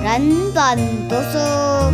人本讀書，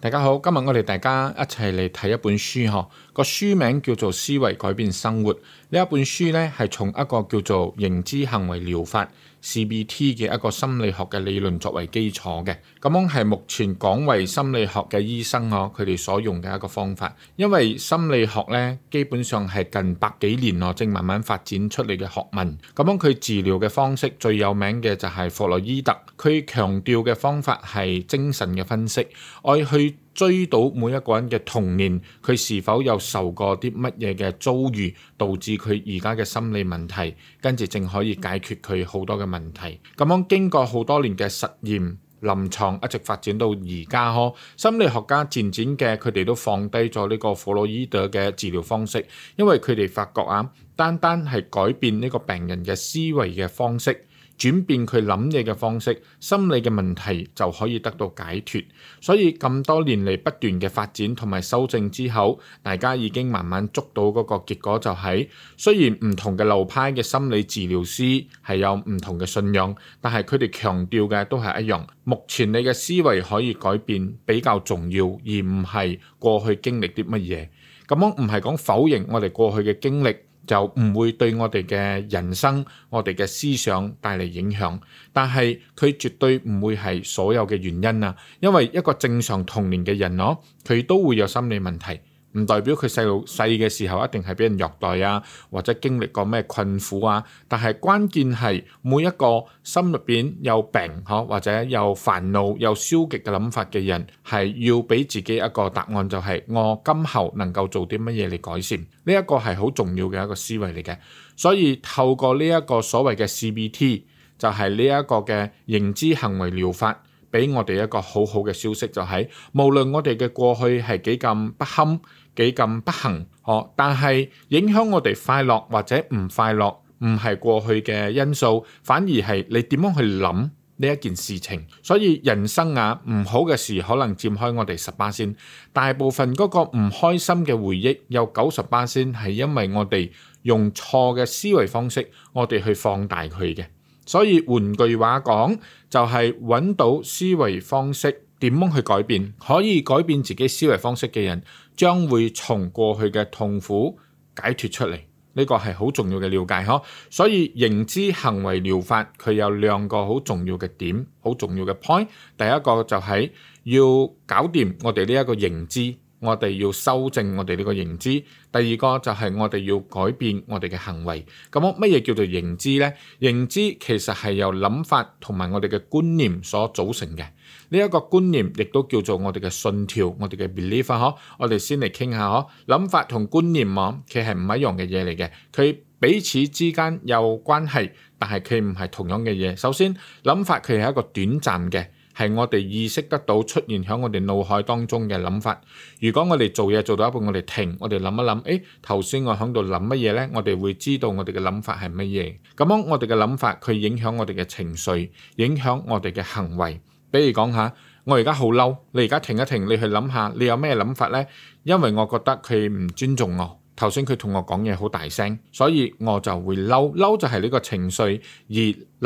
大家好，今日我哋大家一齊嚟睇一本書嗬，個書名叫做《思維改變生活》呢一本書呢，係從一個叫做認知行為療法，CBT 嘅一個心理學嘅理論作為基礎嘅，咁樣係目前廣為心理學嘅醫生哦，佢哋所用嘅一個方法，因為心理學呢基本上係近百幾年哦，正慢慢發展出嚟嘅學問，咁樣佢治療嘅方式最有名嘅就係弗洛伊德，佢強調嘅方法係精神嘅分析，我去，追到每一個人嘅童年，佢是否有受過啲乜嘢嘅遭遇，導致佢而家嘅心理問題，跟住正可以解決佢好多嘅問題。咁樣經過好多年嘅實驗，臨床一直發展到而家呵，心理學家漸漸嘅佢哋都放低咗呢個弗洛伊德嘅治療方式，因為佢哋發覺啊，單單係改變呢個病人嘅思維嘅方式，轉變佢諗嘢嘅方式，心理嘅問題就可以得到解脫。所以咁多年嚟，不斷嘅發展同埋修正之後，大家已經慢慢捉到嗰個結果，就係雖然唔同嘅流派嘅心理治療師係有唔同嘅信仰，但係佢哋強調嘅都係一樣。目前你嘅思維可以改變比較重要，而唔係過去經歷啲乜嘢。咁樣唔係講否認我哋過去嘅經歷。就唔會對我哋嘅人生、我哋嘅思想帶嚟影響，但係佢絕對唔會係所有嘅原因啊！因為一個正常童年嘅人，囉，佢都會有心理問題。唔代表佢細路細嘅時候一定係俾人虐待啊，或者經歷過咩困苦啊。但係關鍵係每一個心入邊有病呵，或者有煩惱、有消極嘅諗法嘅人，係要俾自己一個答案，就係我今後能夠做啲乜嘢嚟改善。呢一個係好重要嘅一個思維嚟嘅。所以透過呢一個所謂嘅 CBT，就係呢一個嘅認知行為療法，俾我哋一個好好嘅消息，就係無論我哋嘅過去係幾咁不堪，幾咁不幸哦！但係影響我哋快樂或者唔快樂，唔係過去嘅因素，反而係你點樣去諗呢一件事情。所以人生啊，唔好嘅事可能佔開我哋十巴仙，大部分嗰個唔開心嘅回憶有九十巴仙，係因為我哋用錯嘅思維方式，我哋去放大佢嘅。所以換句話講，就係揾到思維方式點樣去改變，可以改變自己思維方式嘅人，將會從過去嘅痛苦解脫出嚟，呢個係好重要嘅了解呵。所以認知行為療法佢有兩個好重要嘅點，好重要嘅 point。第一個就係要搞掂我哋呢一個認知，我哋要修正我哋呢個認知。第二個就係我哋要改變我哋嘅行為。咁乜嘢叫做認知呢？認知其實係由諗法同埋我哋嘅觀念所組成嘅。呢一個觀念亦都叫做我哋嘅信條，我哋嘅 belief 嗬。我哋先嚟傾下嗬，諗法同觀念啊，佢係唔一樣嘅嘢嚟嘅。佢彼此之間有關係，但係佢唔係同樣嘅嘢。首先，諗法佢係一個短暫嘅，係我哋意識得到出現喺我哋腦海當中嘅諗法。如果我哋做嘢做到一半，我哋停，我哋諗一諗，誒頭先我喺度諗乜嘢呢？我哋會知道我哋嘅諗法係乜嘢。咁樣我哋嘅諗法佢影響我哋嘅情緒，影響我哋嘅行為。比如講下，我而家好嬲，你而家停一停，你去諗下，你有咩諗法咧？因為我覺得佢唔尊重我。頭先佢同我講嘢好大聲，所以我就會嬲，嬲就係呢個情緒，而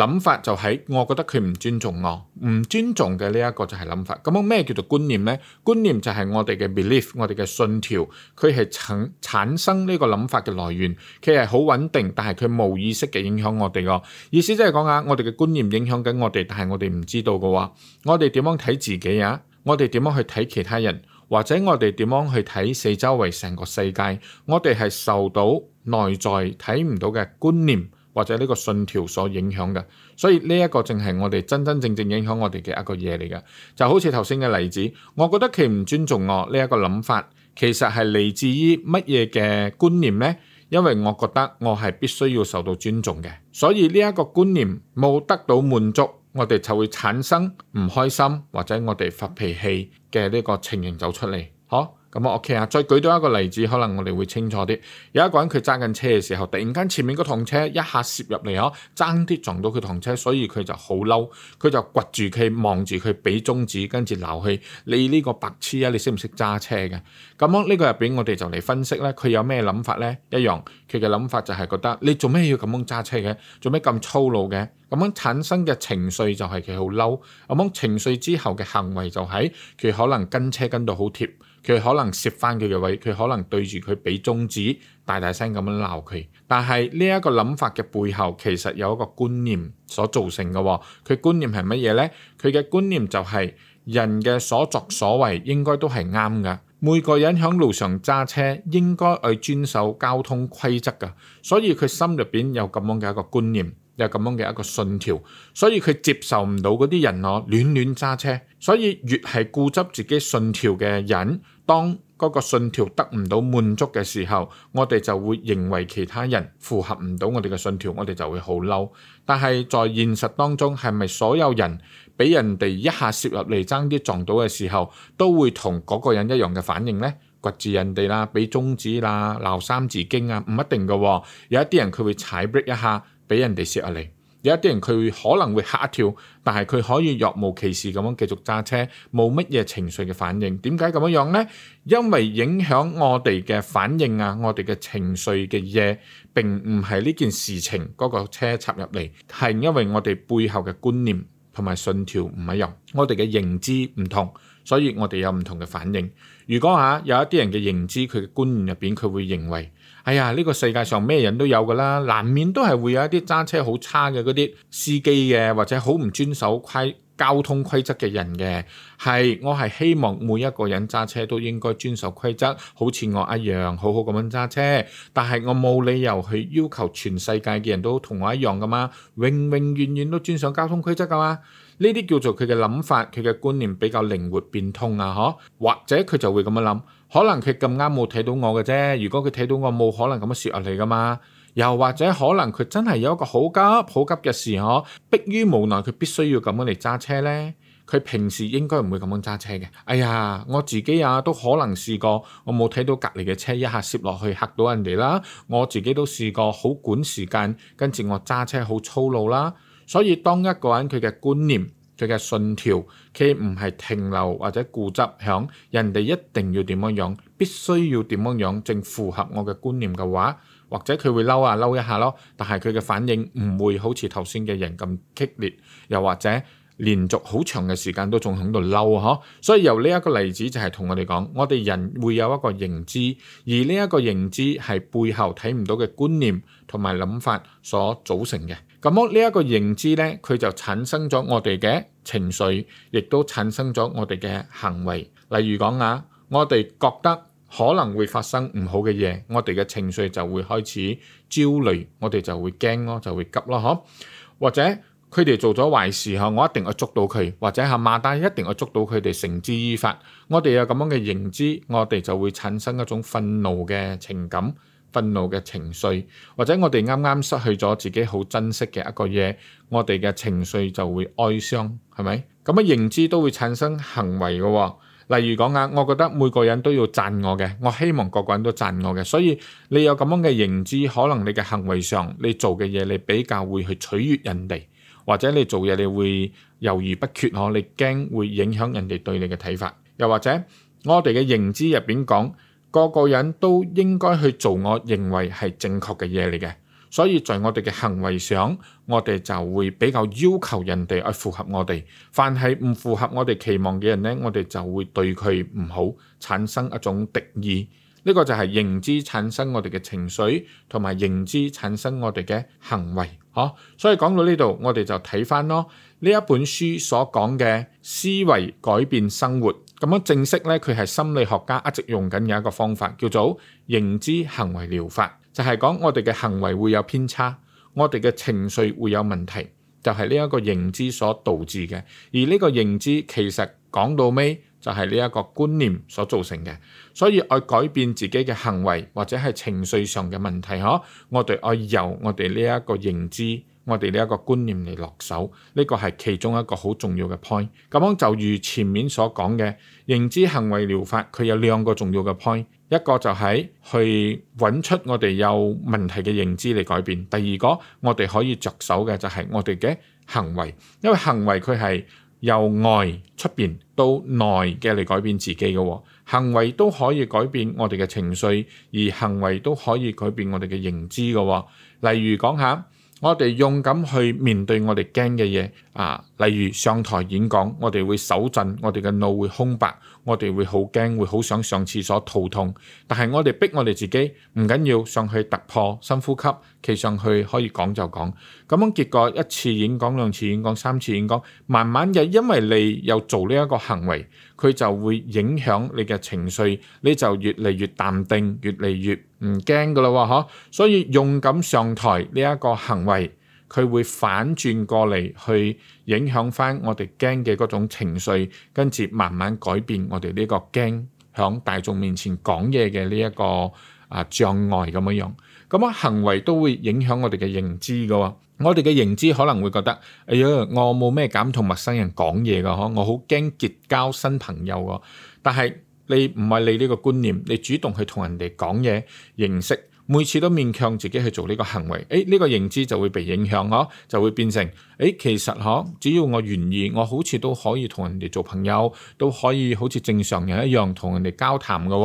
諗法就係我覺得佢唔尊重我，唔尊重嘅呢一個就係諗法。咁樣咩叫做觀念呢？觀念就係我哋嘅 belief，我哋嘅信條，佢係產產生呢個諗法嘅來源，佢係好穩定，但係佢冇意識嘅影響我哋個意思，即係講啊，我哋嘅觀念影響緊我哋，但係我哋唔知道嘅話，我哋點樣睇自己呀？我哋點樣去睇其他人？或者我哋點樣去睇四周圍成個世界？我哋係受到內在睇唔到嘅觀念或者呢個信條所影響嘅，所以呢一個正係我哋真真正正影響我哋嘅一個嘢嚟嘅。就好似頭先嘅例子，我覺得佢唔尊重我呢一個諗法，其實係嚟自於乜嘢嘅觀念呢？因為我覺得我係必須要受到尊重嘅，所以呢一個觀念冇得到滿足。我哋就會產生唔開心或者我哋發脾氣嘅呢個情形走出嚟，呵咁啊 OK 啊！再舉多一個例子，可能我哋會清楚啲。有一個人佢揸緊車嘅時候，突然間前面嗰趟車一下攝入嚟哦，爭啲撞到佢趟車，所以佢就好嬲，佢就掘住佢望住佢俾中指，跟住鬧氣：你呢個白痴啊！你識唔識揸車嘅？咁樣呢個入邊我哋就嚟分析咧，佢有咩諗法咧？一樣，佢嘅諗法就係覺得你做咩要咁樣揸車嘅？做咩咁粗魯嘅？咁樣產生嘅情緒就係佢好嬲，咁樣情緒之後嘅行為就係佢可能跟車跟到好貼，佢可能攝翻佢嘅位，佢可能對住佢畀中指，大大聲咁樣鬧佢。但係呢一個諗法嘅背後，其實有一個觀念所造成嘅喎。佢觀念係乜嘢呢？佢嘅觀念就係人嘅所作所為應該都係啱嘅。每個人喺路上揸車應該去遵守交通規則嘅，所以佢心入邊有咁樣嘅一個觀念。有咁樣嘅一個信條，所以佢接受唔到嗰啲人囉亂亂揸車，所以越係固執自己信條嘅人，當嗰個信條得唔到滿足嘅時候，我哋就會認為其他人符合唔到我哋嘅信條，我哋就會好嬲。但係在現實當中，係咪所有人俾人哋一下攝入嚟爭啲撞到嘅時候，都會同嗰個人一樣嘅反應呢？掘住人哋啦，俾中指啦，鬧三字經啊，唔一定㗎喎。有一啲人佢會踩 brake 一下。俾人哋攝入嚟，有一啲人佢可能會嚇一跳，但係佢可以若無其事咁樣繼續揸車，冇乜嘢情緒嘅反應。點解咁樣樣呢？因為影響我哋嘅反應啊，我哋嘅情緒嘅嘢並唔係呢件事情嗰、嗰個車插入嚟，係因為我哋背後嘅觀念同埋信條唔一樣，我哋嘅認知唔同，所以我哋有唔同嘅反應。如果嚇、啊、有一啲人嘅認知，佢嘅觀念入邊，佢會認為。哎呀，呢個世界上咩人都有噶啦，難免都係會有一啲揸車好差嘅嗰啲司機嘅，或者好唔遵守規交通規則嘅人嘅。係我係希望每一個人揸車都應該遵守規則，好似我一樣好好咁樣揸車。但係我冇理由去要求全世界嘅人都同我一樣噶嘛，永永遠遠都遵守交通規則噶嘛。呢啲叫做佢嘅諗法，佢嘅觀念比較靈活變通啊，呵，或者佢就會咁樣諗。可能佢咁啱冇睇到我嘅啫，如果佢睇到我，冇可能咁樣攝入嚟噶嘛。又或者可能佢真係有一個好急，好急嘅事嗬，迫於無奈佢必須要咁樣嚟揸車呢。佢平時應該唔會咁樣揸車嘅。哎呀，我自己啊都可能試過，我冇睇到隔籬嘅車一下攝落去嚇到人哋啦。我自己都試過好趕時間，跟住我揸車好粗魯啦。所以當一個人佢嘅觀念。佢嘅信條，佢唔係停留或者固執，響人哋一定要點樣樣，必須要點樣樣，正符合我嘅觀念嘅話，或者佢會嬲啊，嬲一下咯。但係佢嘅反應唔會好似頭先嘅人咁激烈，又或者連續好長嘅時間都仲喺度嬲。所以由呢一個例子就係同我哋講，我哋人會有一個認知，而呢一個認知係背後睇唔到嘅觀念同埋諗法所組成嘅。咁樣呢一個認知呢，佢就產生咗我哋嘅情緒，亦都產生咗我哋嘅行為。例如講啊，我哋覺得可能會發生唔好嘅嘢，我哋嘅情緒就會開始焦慮，我哋就會驚咯，就會急咯，嗬，或者佢哋做咗壞事呵，我一定要捉到佢，或者係罵單，一定要捉到佢哋，繩之於法。我哋有咁樣嘅認知，我哋就會產生一種憤怒嘅情感。憤怒嘅情緒，或者我哋啱啱失去咗自己好珍惜嘅一個嘢，我哋嘅情緒就會哀傷，係咪？咁啊，認知都會產生行為嘅，例如講啊，我覺得每個人都要讚我嘅，我希望個個人都讚我嘅，所以你有咁樣嘅認知，可能你嘅行為上，你做嘅嘢你比較會去取悅人哋，或者你做嘢你會猶豫不決，嗬，你驚會影響人哋對你嘅睇法，又或者我哋嘅認知入邊講。個個人都應該去做我認為係正確嘅嘢嚟嘅，所以在我哋嘅行為上，我哋就會比較要求人哋去符合我哋。凡係唔符合我哋期望嘅人呢，我哋就會對佢唔好，產生一種敵意。呢個就係認知產生我哋嘅情緒，同埋認知產生我哋嘅行為。嗬，所以講到呢度，我哋就睇翻咯呢一本書所講嘅思維改變生活。咁樣正式咧，佢係心理學家一直用緊有一個方法，叫做認知行為療法，就係講我哋嘅行為會有偏差，我哋嘅情緒會有問題，就係呢一個認知所導致嘅。而呢個認知其實講到尾就係呢一個觀念所造成嘅，所以我改變自己嘅行為或者係情緒上嘅問題，嗬，我哋愛由我哋呢一個認知，我哋呢一個觀念嚟落手，呢個係其中一個好重要嘅 point。咁樣就如前面所講嘅認知行為療法，佢有兩個重要嘅 point，一個就係去揾出我哋有問題嘅認知嚟改變；第二個我哋可以着手嘅就係我哋嘅行為，因為行為佢係由外出面到內嘅嚟改變自己嘅。行為都可以改變我哋嘅情緒，而行為都可以改變我哋嘅認知嘅。例如講下。我哋勇敢去面對我哋驚嘅嘢啊，例如上台演講，我哋會手震，我哋嘅腦會空白，我哋會好驚，會好想上廁所、肚痛。但係我哋逼我哋自己，唔緊要上去突破，深呼吸，企上去可以講就講。咁樣結果一次演講、兩次演講、三次演講，慢慢嘅，因為你又做呢一個行為。佢就會影響你嘅情緒，你就越嚟越淡定，越嚟越唔驚噶啦喎！嚇，所以勇敢上台呢一個行為，佢會反轉過嚟去影響翻我哋驚嘅嗰種情緒，跟住慢慢改變我哋呢個驚響大眾面前講嘢嘅呢一個障礙咁樣樣，咁啊行為都會影響我哋嘅認知噶喎。我哋嘅認知可能會覺得，哎呀，我冇咩敢同陌生人講嘢㗎，呵，我好驚結交新朋友個。但係你唔係你呢個觀念，你主動去同人哋講嘢，認識。每次都勉強自己去做呢個行為，誒呢個認知就會被影響嗬，就會變成誒其實嗬，只要我願意，我好似都可以同人哋做朋友，都可以好似正常人一樣同人哋交談嘅。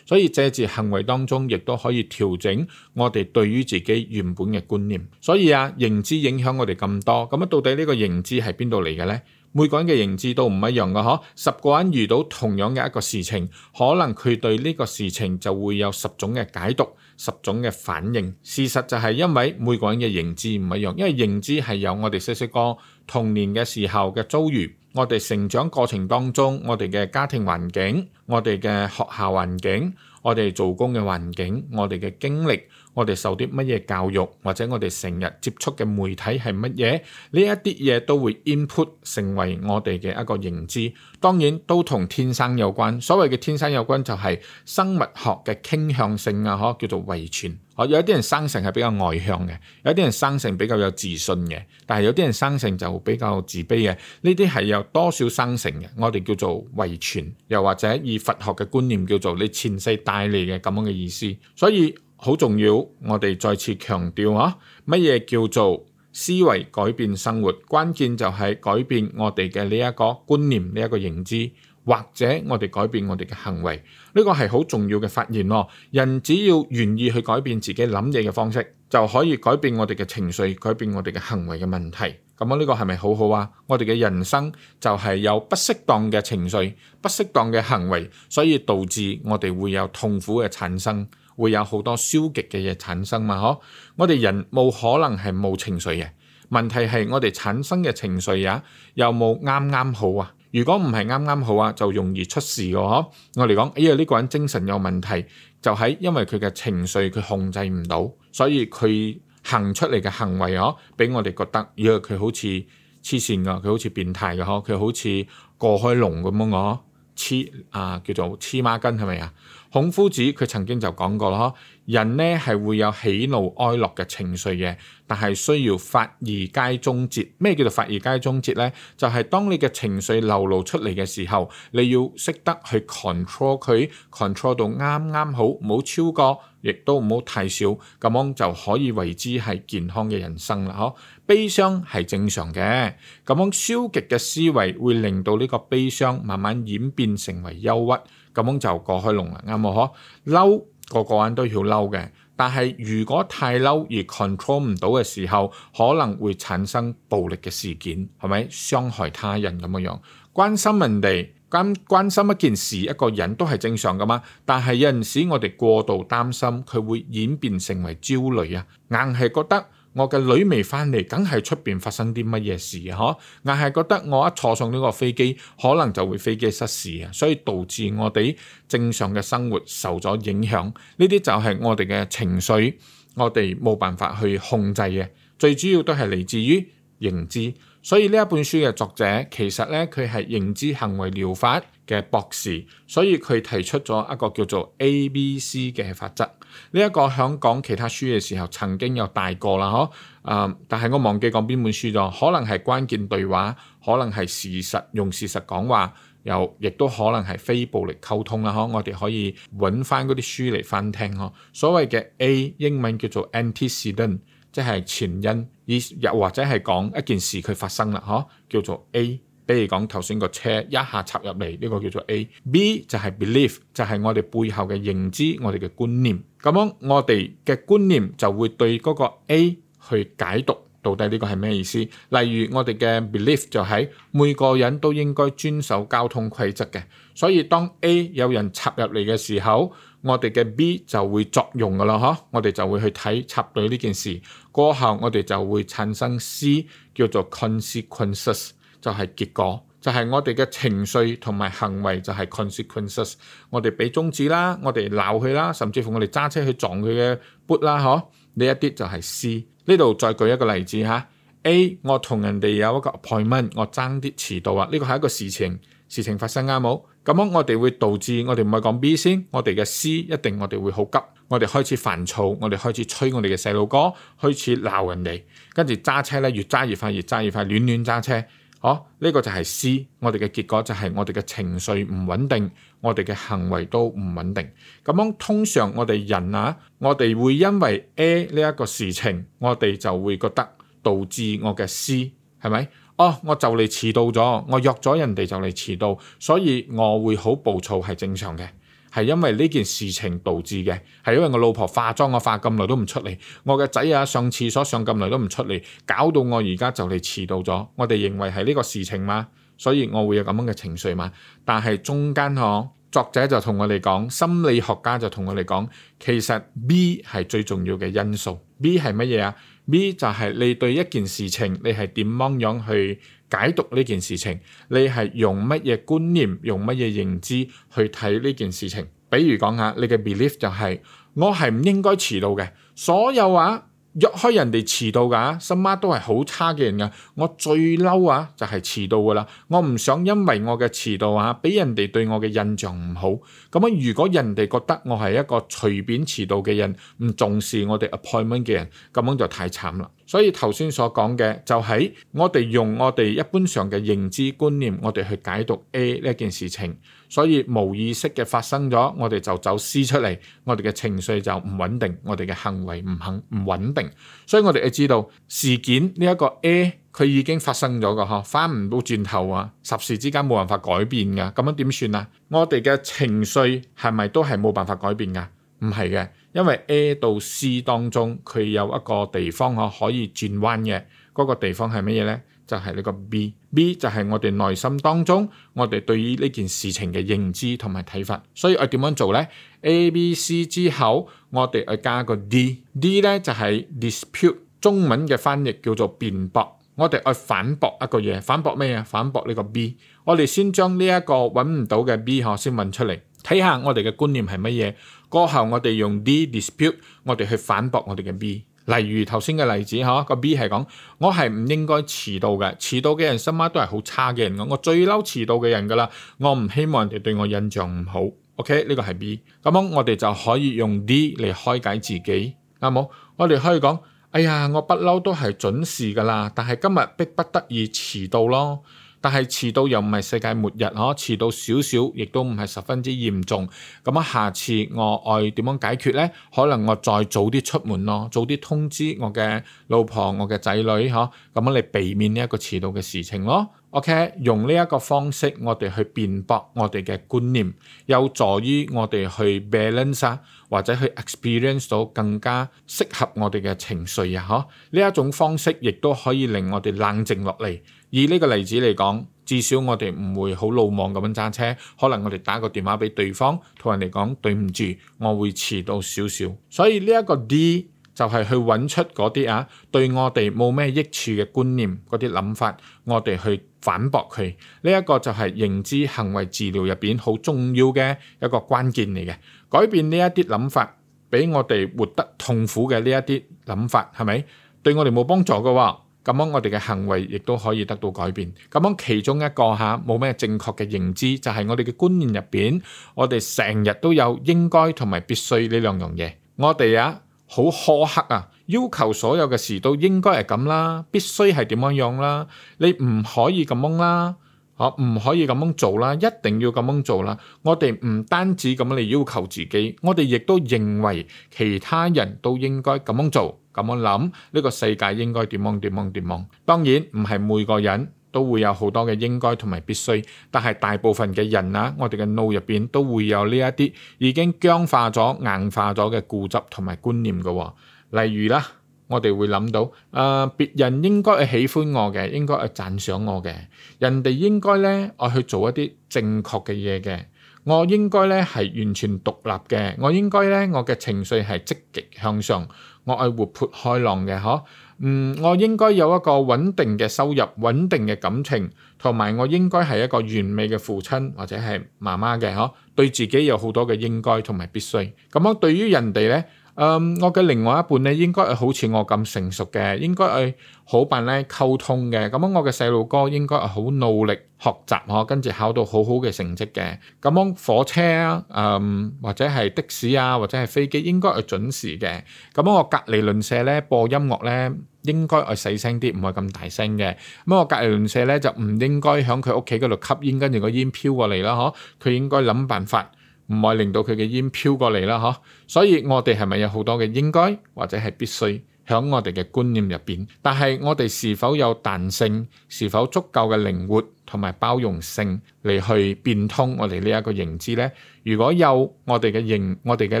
所以借住行為當中，亦都可以調整我哋對於自己原本嘅觀念。所以啊，認知影響我哋咁多，咁啊到底呢個認知係邊度嚟嘅呢？每個人嘅認知都唔一樣嘅嗬，十個人遇到同樣嘅一個事情，可能佢對呢個事情就會有十種嘅解讀。十種嘅反應，事實就係因為每個人嘅認知唔一樣，因為認知係由我哋細細個童年嘅時候嘅遭遇，我哋成長過程當中，我哋嘅家庭環境，我哋嘅學校環境，我哋做工嘅環境，我哋嘅經歷。我哋受啲乜嘢教育，或者我哋成日接觸嘅媒體係乜嘢？呢一啲嘢都會 input 成為我哋嘅一個認知。當然都同天生有關。所謂嘅天生有關就係生物學嘅傾向性啊，叫做遺傳。有啲人生性係比較外向嘅，有啲人生性比較有自信嘅，但係有啲人生性就比較自卑嘅。呢啲係有多少生成嘅？我哋叫做遺傳，又或者以佛學嘅觀念叫做你前世帶嚟嘅咁樣嘅意思。所以。好重要，我哋再次強調啊！乜嘢叫做思維改變生活？關鍵就係改變我哋嘅呢一個觀念、呢一個認知，或者我哋改變我哋嘅行為。呢個係好重要嘅發現咯。人只要願意去改變自己諗嘢嘅方式，就可以改變我哋嘅情緒，改變我哋嘅行為嘅問題。咁啊，呢個係咪好好啊？我哋嘅人生就係有不適當嘅情緒、不適當嘅行為，所以導致我哋會有痛苦嘅產生。會有好多消極嘅嘢產生嘛？嗬，我哋人冇可能係冇情緒嘅，問題係我哋產生嘅情緒啊，又冇啱啱好啊。如果唔係啱啱好啊，就容易出事嘅嗬。我嚟講，哎呀呢個人精神有問題，就係因為佢嘅情緒佢控制唔到，所以佢行出嚟嘅行為嗬，俾我哋覺得，哎，佢好似黐線嘅，佢好似變態嘅嗬，佢好似過開龍咁樣黐啊，叫做黐孖筋係咪啊？孔夫子佢曾經就講過咯，人呢係會有喜怒哀樂嘅情緒嘅，但係需要發而皆中節。咩叫做發而皆中節呢？就係、是、當你嘅情緒流露出嚟嘅時候，你要識得去 control 佢，control 到啱啱好，唔好超過，亦都唔好太少，咁樣就可以為之係健康嘅人生啦。嗬，悲傷係正常嘅，咁樣消極嘅思維會令到呢個悲傷慢慢演變成為憂鬱。咁樣就過開龍啦，啱唔好？嬲，個個人都要嬲嘅，但係如果太嬲而 control 唔到嘅時候，可能會產生暴力嘅事件，係咪傷害他人咁樣？關心人哋關關心一件事一個人都係正常噶嘛，但係有陣時我哋過度擔心，佢會演變成為焦慮啊，硬係覺得。我嘅女未翻嚟，梗係出邊發生啲乜嘢事啊？嗬，硬係覺得我一坐上呢個飛機，可能就會飛機失事啊，所以導致我哋正常嘅生活受咗影響。呢啲就係我哋嘅情緒，我哋冇辦法去控制嘅。最主要都係嚟自於認知。所以呢一本書嘅作者，其實咧佢係認知行為療法嘅博士，所以佢提出咗一個叫做 ABC 嘅法則。呢一個喺講其他書嘅時候曾經有帶過啦，呵，啊！但係我忘記講邊本書咗，可能係關鍵對話，可能係事實用事實講話，又亦都可能係非暴力溝通啦，呵、呃！我哋可以揾翻嗰啲書嚟翻聽咯、呃。所謂嘅 A 英文叫做 Antecedent 即係前因，以又或者係講一件事佢發生啦，呵、呃，叫做 A。比如講頭先個車一下插入嚟，呢個叫做 A，B 就係 belief，就係我哋背後嘅認知，我哋嘅觀念。咁樣我哋嘅觀念就會對嗰個 A 去解讀，到底呢個係咩意思？例如我哋嘅 belief 就係每個人都應該遵守交通規則嘅，所以當 A 有人插入嚟嘅時候，我哋嘅 B 就會作用噶啦，嗬，我哋就會去睇插隊呢件事過後，我哋就會產生 C 叫做 consequences。就係結果，就係、是、我哋嘅情緒同埋行為，就係 consequences。我哋俾中指啦，我哋鬧佢啦，甚至乎我哋揸車去撞佢嘅 boot 啦，嗬？呢一啲就係 C。呢度再舉一個例子嚇，A，我同人哋有一個 appointment，我爭啲遲到啊！呢個係一個事情，事情發生啱冇？咁樣我哋會導致我哋唔係講 B 先，我哋嘅 C 一定我哋會好急，我哋開始煩躁，我哋開始催我哋嘅細路哥，開始鬧人哋，跟住揸車咧越揸越，越，越快，越揸越快，亂亂揸車。哦，呢、這個就係 C，我哋嘅結果就係我哋嘅情緒唔穩定，我哋嘅行為都唔穩定。咁樣通常我哋人啊，我哋會因為 A 呢一個事情，我哋就會覺得導致我嘅 C 係咪？哦，我就嚟遲到咗，我約咗人哋就嚟遲到，所以我會好暴躁係正常嘅。係因為呢件事情導致嘅，係因為我老婆化妝我化咁耐都唔出嚟，我嘅仔啊上廁所上咁耐都唔出嚟，搞到我而家就嚟遲到咗。我哋認為係呢個事情嘛，所以我會有咁樣嘅情緒嘛。但係中間呵，作者就同我哋講，心理學家就同我哋講，其實 B 係最重要嘅因素。B 係乜嘢啊？B 就係你對一件事情你係點樣樣去解讀呢件事情，你係用乜嘢觀念、用乜嘢認知去睇呢件事情？比如講下，你嘅 belief 就係、是、我係唔應該遲到嘅，所有話、啊。約開人哋遲到噶，神馬都係好差嘅人噶。我最嬲啊，就係遲到噶啦。我唔想因為我嘅遲到啊，俾人哋對我嘅印象唔好。咁樣如果人哋覺得我係一個隨便遲到嘅人，唔重視我哋 appointment 嘅人，咁樣就太慘啦。所以頭先所講嘅，就係我哋用我哋一般上嘅認知觀念，我哋去解讀 A 呢件事情。所以冇意識嘅發生咗，我哋就走 C 出嚟，我哋嘅情緒就唔穩定，我哋嘅行為唔肯唔穩定。所以我哋要知道事件呢一個 A，佢已經發生咗嘅嗬，翻唔到轉頭啊，十時之間冇辦法改變嘅。咁樣點算啊？我哋嘅情緒係咪都係冇辦法改變噶？唔係嘅，因為 A 到 C 當中佢有一個地方可以轉彎嘅，嗰個地方係乜嘢咧？就係呢個 B，B 就係我哋內心當中，我哋對於呢件事情嘅認知同埋睇法。所以我點樣做咧？A、B、C 之後，我哋去加個 D，D 咧就係 dispute，中文嘅翻譯叫做辯駁。我哋去反駁一個嘢，反駁咩啊？反駁呢個 B。我哋先將呢一個揾唔到嘅 B 呵，先揾出嚟，睇下我哋嘅觀念係乜嘢。過後我哋用 D dispute，我哋去反駁我哋嘅 B。例如頭先嘅例子，嗰個 B 係講我係唔應該遲到嘅，遲到嘅人心態都係好差嘅人。我我最嬲遲到嘅人噶啦，我唔希望人哋對我印象唔好。OK，呢個係 B。咁樣我哋就可以用 D 嚟開解自己，啱冇？我哋可以講，哎呀，我不嬲都係準時噶啦，但係今日逼不得已遲到咯。但係遲到又唔係世界末日呵，遲到少少亦都唔係十分之嚴重。咁啊，下次我愛點樣解決呢？可能我再早啲出門咯，早啲通知我嘅老婆、我嘅仔女呵。咁啊，你避免呢一個遲到嘅事情咯。OK，用呢一個方式我哋去辯駁我哋嘅觀念，有助於我哋去 balance 啊，或者去 experience 到更加適合我哋嘅情緒啊。呵，呢一種方式亦都可以令我哋冷靜落嚟。以呢個例子嚟講，至少我哋唔會好魯莽咁樣揸車，可能我哋打個電話俾對方，同人哋講對唔住，我會遲到少少。所以呢一個 D 就係去揾出嗰啲啊對我哋冇咩益處嘅觀念嗰啲諗法，我哋去反駁佢。呢一個就係認知行為治療入邊好重要嘅一個關鍵嚟嘅，改變呢一啲諗法，俾我哋活得痛苦嘅呢一啲諗法，係咪對我哋冇幫助嘅？咁樣我哋嘅行為亦都可以得到改變。咁樣其中一個嚇冇咩正確嘅認知，就係我哋嘅觀念入邊，我哋成日都有應該同埋必須呢兩樣嘢。我哋啊好苛刻啊，要求所有嘅事都應該係咁啦，必須係點樣樣啦，你唔可以咁樣啦，嚇唔可以咁樣做啦，一定要咁樣做啦。我哋唔單止咁樣嚟要求自己，我哋亦都認為其他人都應該咁樣做。咁樣諗呢個世界應該點樣點樣點樣？當然唔係每個人都會有好多嘅應該同埋必須，但係大部分嘅人啊，我哋嘅腦入邊都會有呢一啲已經僵化咗、硬化咗嘅固執同埋觀念嘅。例如啦，我哋會諗到誒，別人應該係喜歡我嘅，應該係讚賞我嘅，人哋應該咧我去做一啲正確嘅嘢嘅，我應該咧係完全獨立嘅，我應該咧我嘅情緒係積極向上。我愛活潑開朗嘅嗬，嗯，我應該有一個穩定嘅收入、穩定嘅感情，同埋我應該係一個完美嘅父親或者係媽媽嘅嗬，對自己有好多嘅應該同埋必須。咁樣對於人哋咧。誒，我嘅另外一半咧，應該係好似我咁成熟嘅，應該係好辦咧溝通嘅。咁樣我嘅細路哥應該係好努力學習，嗬，跟住考到好好嘅成績嘅。咁樣火車，誒或者係的士啊，或者係飛機應該係準時嘅。咁樣我隔籬鄰舍咧播音樂咧，應該係細聲啲，唔係咁大聲嘅。咁我隔籬鄰舍咧就唔應該響佢屋企嗰度吸煙，跟住個煙飄過嚟啦，嗬，佢應該諗辦法。唔可以令到佢嘅煙飄過嚟啦，嗬！所以我哋係咪有好多嘅應該或者係必須？喺我哋嘅觀念入邊，但係我哋是否有彈性，是否足夠嘅靈活同埋包容性嚟去變通我哋呢一個認知呢？如果有我哋嘅認，我哋嘅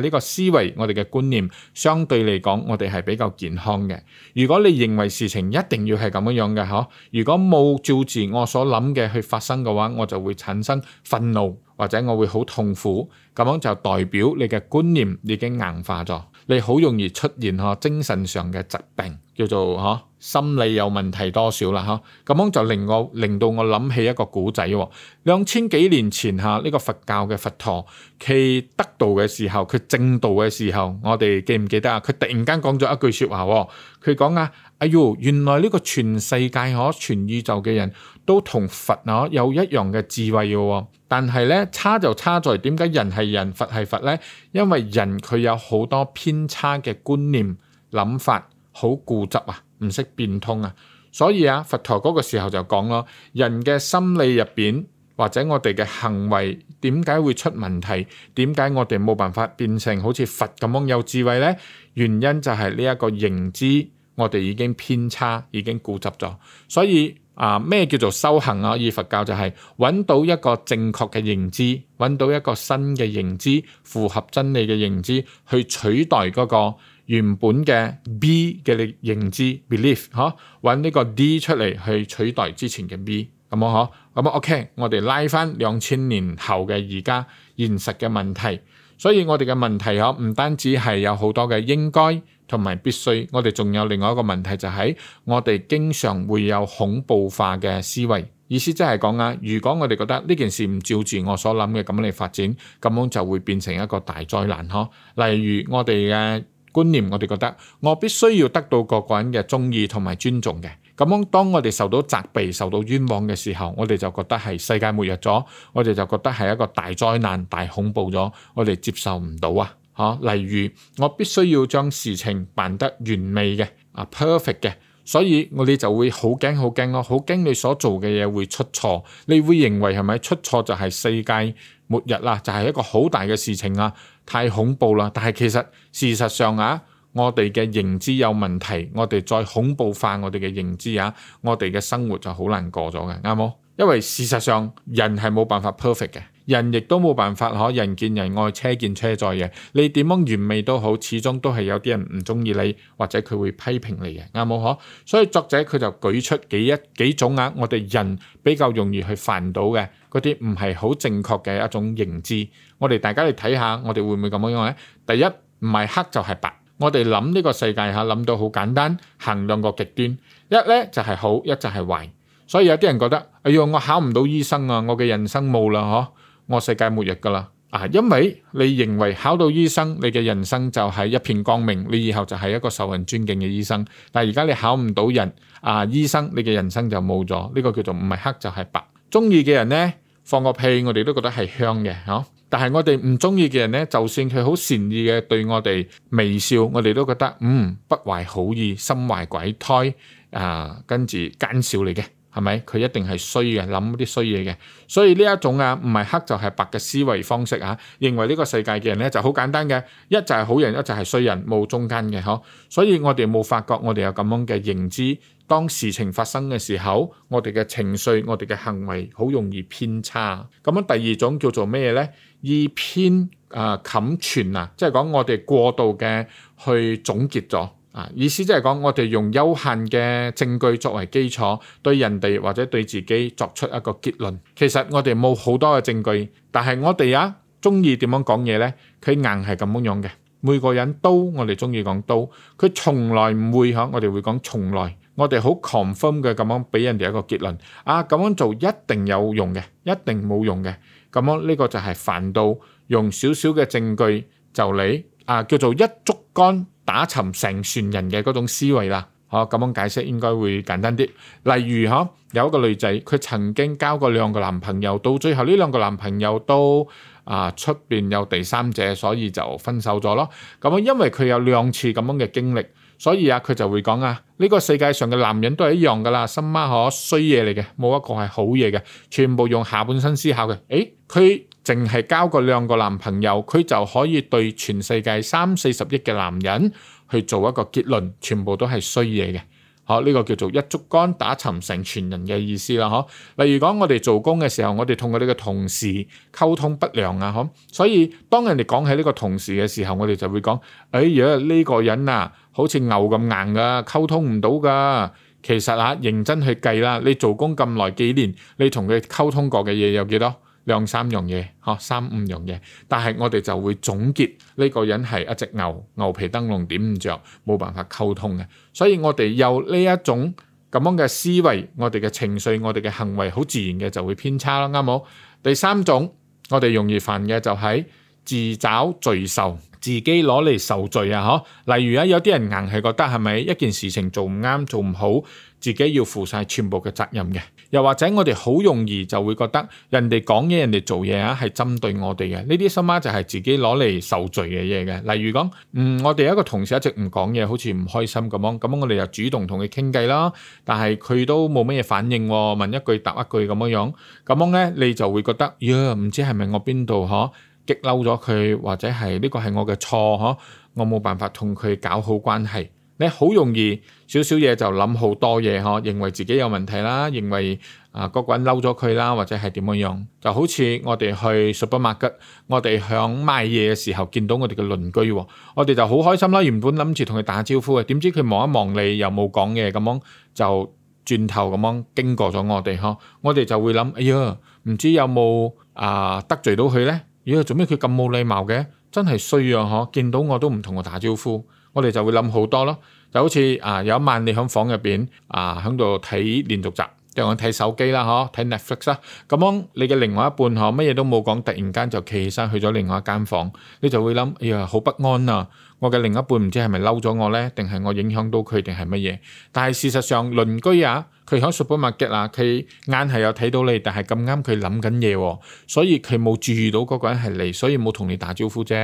呢個思維，我哋嘅觀念相對嚟講，我哋係比較健康嘅。如果你認為事情一定要係咁樣樣嘅，嗬？如果冇照住我所諗嘅去發生嘅話，我就會產生憤怒，或者我會好痛苦。咁樣就代表你嘅觀念已經硬化咗。你好容易出現嚇精神上嘅疾病，叫做嚇、啊、心理有問題多少啦嚇，咁、啊、樣就令我令到我諗起一個古仔喎。兩千幾年前嚇呢、啊這個佛教嘅佛陀，佢得道嘅時候，佢正道嘅時候，我哋記唔記得、哦、啊？佢突然間講咗一句說話，佢講啊。哎呦，原來呢個全世界可、哦、全宇宙嘅人都同佛嗬、哦、有一樣嘅智慧嘅喎、哦，但係咧差就差在點解人係人，佛係佛咧？因為人佢有好多偏差嘅觀念、諗法，好固執啊，唔識變通啊。所以啊，佛陀嗰個時候就講咯，人嘅心理入邊或者我哋嘅行為點解會出問題？點解我哋冇辦法變成好似佛咁樣有智慧咧？原因就係呢一個認知。我哋已經偏差，已經固執咗，所以啊，咩、呃、叫做修行啊？以佛教就係、是、揾到一個正確嘅認知，揾到一個新嘅認知，符合真理嘅認知，去取代嗰個原本嘅 B 嘅認知 belief，嚇，揾呢、啊、個 D 出嚟去取代之前嘅 B，咁啊嚇，咁、啊、OK，我哋拉返兩千年後嘅而家現實嘅問題。所以我哋嘅問題唔單止係有好多嘅應該同埋必須，我哋仲有另外一個問題就係，我哋經常會有恐怖化嘅思維，意思即係講啊，如果我哋覺得呢件事唔照住我所諗嘅咁樣嚟發展，咁樣就會變成一個大災難嗬。例如我哋嘅觀念，我哋覺得我必須要得到各個人嘅鍾意同埋尊重嘅。咁樣當我哋受到責備、受到冤枉嘅時候，我哋就覺得係世界末日咗，我哋就覺得係一個大災難、大恐怖咗，我哋接受唔到啊！嚇，例如我必須要將事情辦得完美嘅，啊 perfect 嘅，所以我哋就會好驚好驚囉，好驚你所做嘅嘢會出錯，你會認為係咪出錯就係世界末日啦，就係一個好大嘅事情啊，太恐怖啦！但係其實事實上啊～我哋嘅認知有問題，我哋再恐怖化我哋嘅認知啊，我哋嘅生活就好難過咗嘅，啱冇？因為事實上人係冇辦法 perfect 嘅，人亦都冇辦法可人見人愛，車見車載嘅。你點樣完美都好，始終都係有啲人唔中意你，或者佢會批評你嘅，啱冇？可所以作者佢就舉出幾一幾種啊，我哋人比較容易去煩到嘅嗰啲唔係好正確嘅一種認知。我哋大家嚟睇下，我哋會唔會咁樣樣咧？第一唔係黑就係白。我哋諗呢個世界嚇，諗到好簡單，行兩個極端，一咧就係好，一就係壞。所以有啲人覺得，哎呀，我考唔到醫生啊，我嘅人生冇啦嗬，我世界末日㗎喇啊！因為你認為考到醫生，你嘅人生就係一片光明，你以後就係一個受人尊敬嘅醫生。但係而家你考唔到人啊，醫生，你嘅人生就冇咗。呢個叫做唔係黑就係白。中意嘅人咧，放個屁我哋都覺得係香嘅嗬。啊。但係我哋唔中意嘅人咧，就算佢好善意嘅對我哋微笑，我哋都覺得嗯不懷好意、心懷鬼胎啊、呃，跟住奸笑嚟嘅，係咪？佢一定係衰嘅，諗啲衰嘢嘅。所以呢一種啊，唔係黑就係白嘅思維方式啊，認為呢個世界嘅人咧就好簡單嘅，一就係好人，一就係衰人，冇中間嘅嗬。所以我哋冇發覺我哋有咁樣嘅認知。當事情發生嘅時候，我哋嘅情緒、我哋嘅行為好容易偏差。咁樣第二種叫做咩咧？以偏啊，概全啊，即係講我哋過度嘅去總結咗啊，意思即係講我哋用有限嘅證據作為基礎，對人哋或者對自己作出一個結論。其實我哋冇好多嘅證據，但係我哋啊中意點樣講嘢咧？佢硬係咁樣樣嘅，每個人都我哋中意講都，佢從來唔會嗬，我哋會講從來，我哋好 confirm 嘅咁樣俾人哋一個結論啊，咁樣做一定有用嘅，一定冇用嘅。咁樣，呢個就係煩到用少少嘅證據，就你啊叫做一竹竿打沉成船人嘅嗰種思維啦，哦、啊、咁樣解釋應該會簡單啲。例如哈、啊、有一個女仔，佢曾經交過兩個男朋友，到最後呢兩個男朋友都啊出邊有第三者，所以就分手咗咯。咁啊因為佢有兩次咁樣嘅經歷。所以啊，佢就會講啊，呢個世界上嘅男人都係一樣噶啦，新媽可衰嘢嚟嘅，冇一個係好嘢嘅，全部用下半身思考嘅。誒，佢淨係交過兩個男朋友，佢就可以對全世界三四十億嘅男人去做一個結論，全部都係衰嘢嘅。好，呢個叫做一竹竿打沉成全人嘅意思啦，嗬、啊！例如講我哋做工嘅時候，我哋同佢哋嘅同事溝通不良啊，嗬！所以當人哋講起呢個同事嘅時候，我哋就會講：哎呀，呢個人啊，好似牛咁硬噶，溝通唔到噶。其實啊，認真去計啦，你做工咁耐幾年，你同佢溝通過嘅嘢有幾多？兩三樣嘢，吓三五樣嘢，但係我哋就會總結呢個人係一隻牛，牛皮燈籠點唔着，冇辦法溝通嘅，所以我哋有呢一種咁樣嘅思維，我哋嘅情緒，我哋嘅行為，好自然嘅就會偏差啦，啱冇？第三種我哋容易煩嘅就係。自找罪受，自己攞嚟受罪啊！嗬，例如啊，有啲人硬係覺得係咪一件事情做唔啱、做唔好，自己要負晒全部嘅責任嘅。又或者我哋好容易就會覺得人哋講嘢、人哋做嘢啊，係針對我哋嘅。呢啲心嘛就係自己攞嚟受罪嘅嘢嘅。例如講，嗯，我哋一個同事一直唔講嘢，好似唔開心咁樣，咁我哋就主動同佢傾偈啦。但係佢都冇乜嘢反應喎，問一句答一句咁樣，咁樣咧你就會覺得，呀，唔知係咪我邊度嗬？激嬲咗佢，或者係呢個係我嘅錯嗬？我冇辦法同佢搞好關係。你好容易少少嘢就諗好多嘢嗬，認為自己有問題啦，認為啊個人嬲咗佢啦，或者係點樣樣？就好似我哋去 super market，我哋響賣嘢嘅時候見到我哋嘅鄰居，我哋就好開心啦。原本諗住同佢打下招呼嘅，點知佢望一望你又冇講嘢，咁樣就轉頭咁樣經過咗我哋嗬，我哋就會諗：哎呀，唔知有冇啊得罪到佢呢？咦，做咩佢咁冇禮貌嘅，真係衰啊！嗬，見到我都唔同我打招呼，我哋就會諗好多咯。就好似啊，有一晚你響房入邊啊，響度睇連續集，即係我睇手機啦，嗬，睇 Netflix 啦。咁樣你嘅另外一半嗬，乜嘢都冇講，突然間就企起身去咗另外一間房，你就會諗：哎呀，好不安啊！我嘅另一半唔知係咪嬲咗我呢，定係我影響到佢定係乜嘢？但係事實上鄰居啊。佢喺 Supermarket 啦，佢硬係有睇到你，但係咁啱佢諗緊嘢，所以佢冇注意到嗰個人係你，所以冇同你打招呼啫。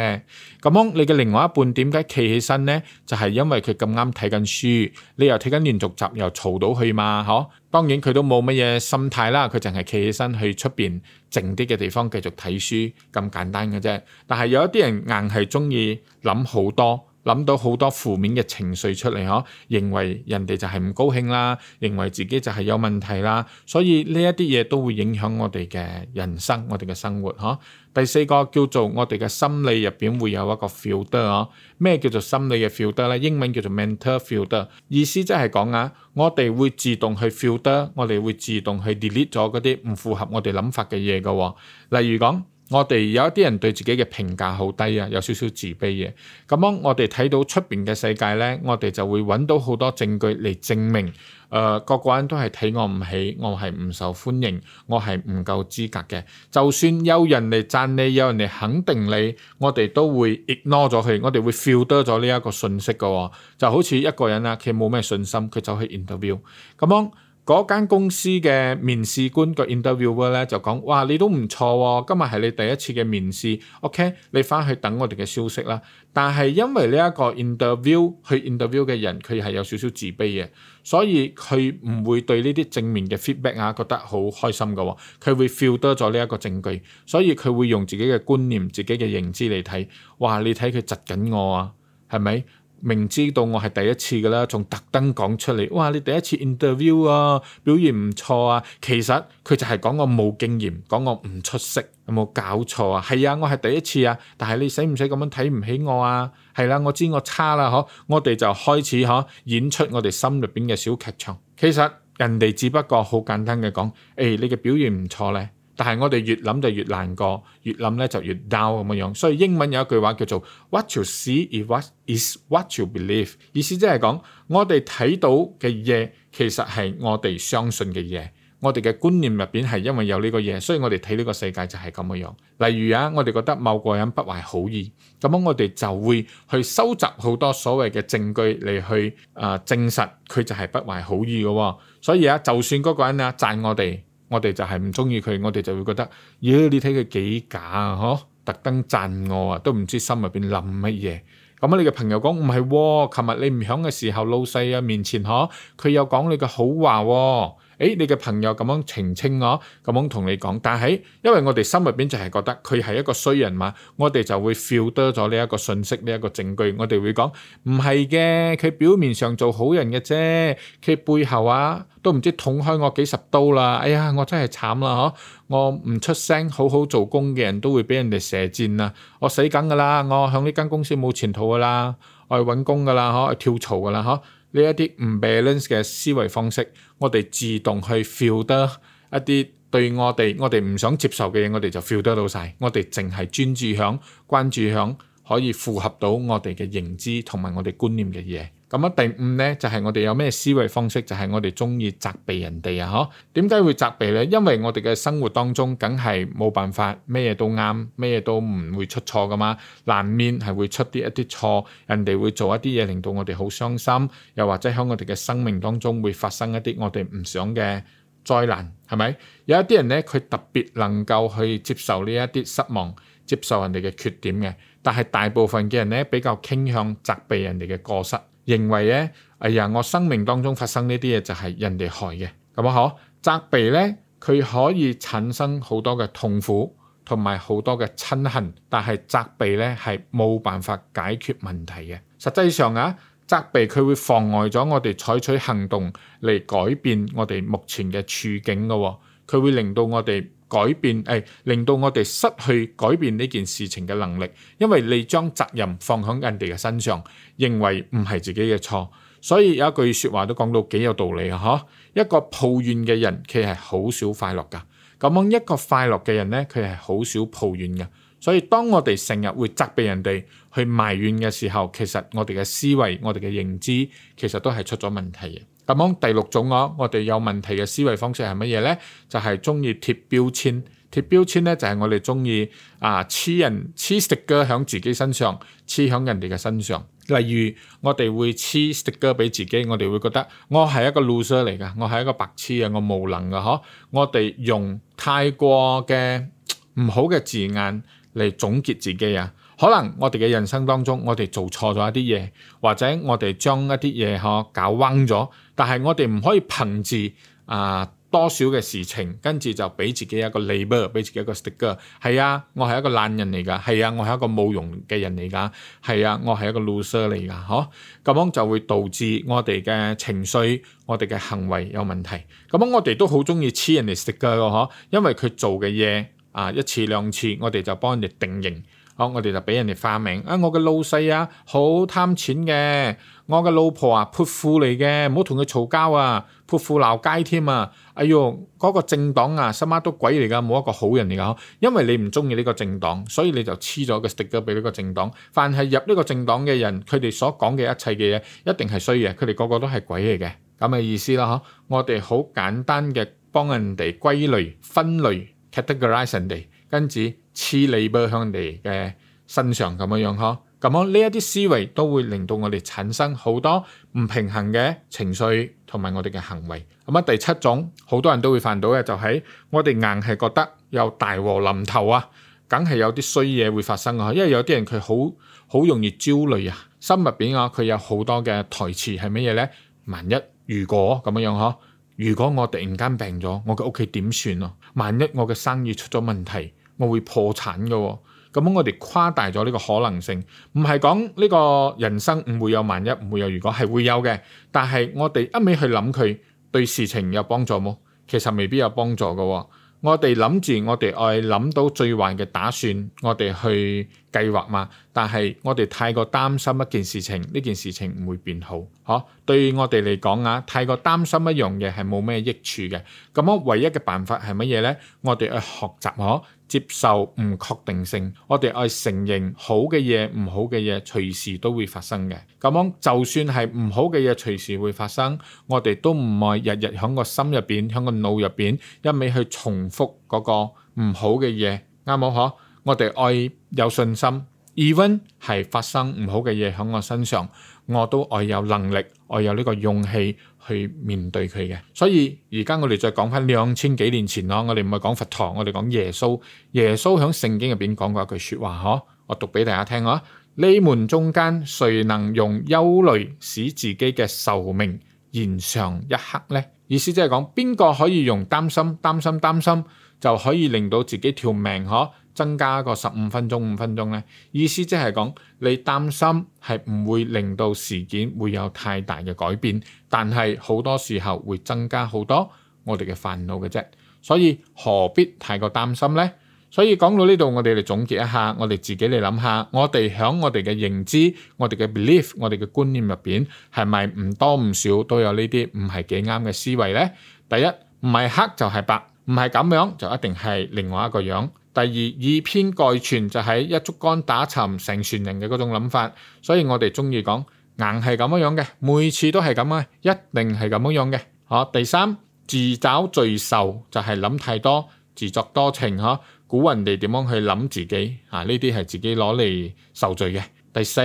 咁樣你嘅另外一半點解企起身咧？就係因為佢咁啱睇緊書，你又睇緊連續集，又嘈到佢嘛，嗬？當然佢都冇乜嘢心態啦，佢淨係企起身去出邊靜啲嘅地方繼續睇書，咁簡單嘅啫。但係有一啲人硬係中意諗好多。諗到好多負面嘅情緒出嚟呵，認為人哋就係唔高興啦，認為自己就係有問題啦，所以呢一啲嘢都會影響我哋嘅人生，我哋嘅生活呵、啊。第四個叫做我哋嘅心理入邊會有一個 filter 呵，咩叫做心理嘅 filter 咧？英文叫做 mental filter，意思即係講啊，我哋會自動去 filter，我哋會自動去 delete 咗嗰啲唔符合我哋諗法嘅嘢噶喎，例如講。我哋有一啲人對自己嘅評價好低啊，有少少自卑嘅。咁樣我哋睇到出邊嘅世界咧，我哋就會揾到好多證據嚟證明，誒、呃、個個人都係睇我唔起，我係唔受歡迎，我係唔夠資格嘅。就算有人嚟讚你，有人嚟肯定你，我哋都會 ignore 咗佢，我哋會 filter 咗呢一個信息嘅喎。就好似一個人啦，佢冇咩信心，佢走去 interview，咁樣。嗰間公司嘅面試官個 interviewer 咧就講，哇，你都唔錯喎，今日係你第一次嘅面試，OK，你返去等我哋嘅消息啦。但係因為呢一個 interview 去 interview 嘅人，佢係有少少自卑嘅，所以佢唔會對呢啲正面嘅 feedback 啊覺得好開心噶喎、哦，佢會 filter 咗呢一個證據，所以佢會用自己嘅觀念、自己嘅認知嚟睇，哇，你睇佢窒緊我啊，係咪？明知道我係第一次噶啦，仲特登講出嚟，哇！你第一次 interview 啊，表現唔錯啊。其實佢就係講我冇經驗，講我唔出色，有冇搞錯啊？係啊，我係第一次啊，但係你使唔使咁樣睇唔起我啊？係啦、啊，我知我差啦，嗬。我哋就開始嗬演出我哋心入邊嘅小劇場。其實人哋只不過好簡單嘅講，誒、欸，你嘅表現唔錯咧。但係我哋越諗就越難過，越諗咧就越 down 咁樣樣。所以英文有一句話叫做 What you see is what is what you believe。意思即係講我哋睇到嘅嘢，其實係我哋相信嘅嘢。我哋嘅觀念入邊係因為有呢個嘢，所以我哋睇呢個世界就係咁嘅樣。例如啊，我哋覺得某個人不懷好意，咁樣我哋就會去收集好多所謂嘅證據嚟去啊、呃、證實佢就係不懷好意嘅、哦。所以啊，就算嗰個人啊讚我哋。我哋就係唔中意佢，我哋就會覺得，耶！你睇佢幾假啊，嗬！特登讚我啊，都唔知心入邊諗乜嘢。咁你嘅朋友講唔係喎，琴日，你唔響嘅時候，老細啊面前嗬，佢又講你嘅好話喎。哎，你嘅朋友咁樣澄清我，咁樣同你講，但係因為我哋心入邊就係覺得佢係一個衰人嘛，我哋就會 feel 多咗呢一個信息，呢一個證據，我哋會講唔係嘅，佢表面上做好人嘅啫，佢背後啊都唔知捅開我幾十刀啦，哎呀，我真係慘啦嗬，我唔出聲好好做工嘅人都會俾人哋射箭啊，我死梗噶啦，我響呢間公司冇前途噶啦，我去揾工噶啦嗬，跳槽噶啦嗬。呢一啲唔 balance 嘅思維方式，我哋自動去 filter 一啲對我哋我哋唔想接受嘅嘢，我哋就 filter 到晒。我哋淨係專注響、關注響可以符合到我哋嘅認知同埋我哋觀念嘅嘢。咁啊，第五咧就係我哋有咩思維方式？就係我哋中意責備人哋啊！嗬，點解會責備咧？因為我哋嘅生活當中，梗係冇辦法咩嘢都啱，咩嘢都唔會出錯噶嘛，難免係會出啲一啲錯，人哋會做一啲嘢令到我哋好傷心，又或者喺我哋嘅生命當中會發生一啲我哋唔想嘅災難，係咪？有一啲人咧，佢特別能夠去接受呢一啲失望，接受人哋嘅缺點嘅，但係大部分嘅人咧比較傾向責備人哋嘅過失。認為咧，哎呀，我生命當中發生呢啲嘢就係人哋害嘅，咁啊嗬，責備咧佢可以產生好多嘅痛苦同埋好多嘅親恨，但係責備咧係冇辦法解決問題嘅。實際上啊，責備佢會妨礙咗我哋採取行動嚟改變我哋目前嘅處境嘅，佢會令到我哋改變誒、哎，令到我哋失去改變呢件事情嘅能力，因為你將責任放響人哋嘅身上，認為唔係自己嘅錯。所以有一句説話都講到幾有道理啊！嗬，一個抱怨嘅人，佢係好少快樂㗎。咁樣一個快樂嘅人咧，佢係好少抱怨嘅。所以當我哋成日會責備人哋去埋怨嘅時候，其實我哋嘅思維、我哋嘅認知，其實都係出咗問題嘅。咁第六種我我哋有問題嘅思維方式係乜嘢咧？就係中意貼標籤，貼標籤咧就係我哋中意啊黐人黐 sticker 喺自己身上，黐喺人哋嘅身上。例如我哋會黐 sticker 俾自己，我哋會覺得我係一個 loser 嚟噶，我係一個白痴啊，我無能噶嗬，我哋用太過嘅唔好嘅字眼嚟總結自己啊。可能我哋嘅人生當中，我哋做錯咗一啲嘢，或者我哋將一啲嘢嗬搞彎咗，但係我哋唔可以憑住啊、呃、多少嘅事情，跟住就俾自己一個 label，俾自己一個 sticker。係啊，我係一個懶人嚟噶，係啊，我係一個冇用嘅人嚟噶，係啊，我係一個 loser 嚟噶，嗬。咁樣就會導致我哋嘅情緒、我哋嘅行為有問題。咁樣我哋都好中意黐人哋 sticker 噶，嗬。因為佢做嘅嘢啊一次兩次，我哋就幫人哋定型。好，我哋就俾人哋花名。啊、哎，我嘅老細啊，好貪錢嘅；我嘅老婆啊，潑婦嚟嘅，唔好同佢嘈交啊，潑婦鬧街添啊。哎呦，嗰、那個政黨啊，乜都鬼嚟噶，冇一個好人嚟噶。因為你唔中意呢個政黨，所以你就黐咗個 sticker 俾呢個政黨。凡係入呢個政黨嘅人，佢哋所講嘅一切嘅嘢一定係衰嘅，佢哋個個都係鬼嚟嘅。咁嘅意思啦，嗬。我哋好簡單嘅幫人哋歸類、分類、categorize 人哋。跟住黐你去向人哋嘅身上咁樣樣嗬，咁樣呢一啲思維都會令到我哋產生好多唔平衡嘅情緒同埋我哋嘅行為。咁啊，第七種好多人都會犯到嘅就係我哋硬係覺得有大禍臨頭啊，梗係有啲衰嘢會發生啊。因為有啲人佢好好容易焦慮啊，心入邊啊佢有好多嘅台詞係乜嘢咧？萬一如果咁樣樣嗬，如果我突然間病咗，我嘅屋企點算咯？萬一我嘅生意出咗問題？我會破產嘅、哦，咁我哋誇大咗呢個可能性，唔係講呢個人生唔會有萬一，唔會有如果係會有嘅，但係我哋一味去諗佢對事情有幫助冇？其實未必有幫助嘅、哦。我哋諗住我哋係諗到最壞嘅打算，我哋去計劃嘛。但係我哋太過擔心一件事情，呢件事情唔會變好，嗬、啊？對於我哋嚟講啊，太過擔心一樣嘢係冇咩益處嘅。咁我唯一嘅辦法係乜嘢咧？我哋去學習嗬。啊接受唔確定性，我哋愛承認好嘅嘢，唔好嘅嘢隨時都會發生嘅。咁樣就算係唔好嘅嘢隨時會發生，我哋都唔係日日喺個心入邊，喺個腦入邊一味去重複嗰個唔好嘅嘢，啱冇嗬？我哋愛有信心，even 係發生唔好嘅嘢喺我身上，我都愛有能力，愛有呢個勇氣。去面對佢嘅，所以而家我哋再講翻兩千幾年前咯，我哋唔係講佛陀，我哋講耶穌。耶穌喺聖經入邊講過一句說話，嗬，我讀俾大家聽啊。你們中間，誰能用憂慮使自己嘅壽命延長一刻呢？意思即係講邊個可以用擔心、擔心、擔心就可以令到自己條命嗬？增加個十五分鐘、五分鐘呢，意思即係講你擔心係唔會令到事件會有太大嘅改變，但係好多時候會增加好多我哋嘅煩惱嘅啫。所以何必太過擔心呢？所以講到呢度，我哋嚟總結一下，我哋自己嚟諗下，我哋喺我哋嘅認知、我哋嘅 belief、我哋嘅觀念入邊，係咪唔多唔少都有呢啲唔係幾啱嘅思維呢？第一，唔係黑就係白，唔係咁樣就一定係另外一個樣。第二以偏概全就係一竹竿打沉成船人嘅嗰種諗法，所以我哋鍾意講硬係咁樣嘅，每次都係咁樣嘅，一定係咁樣樣嘅。嚇，第三自找罪受就係諗太多，自作多情嚇，估人哋點樣去諗自己啊？呢啲係自己攞嚟受罪嘅。第四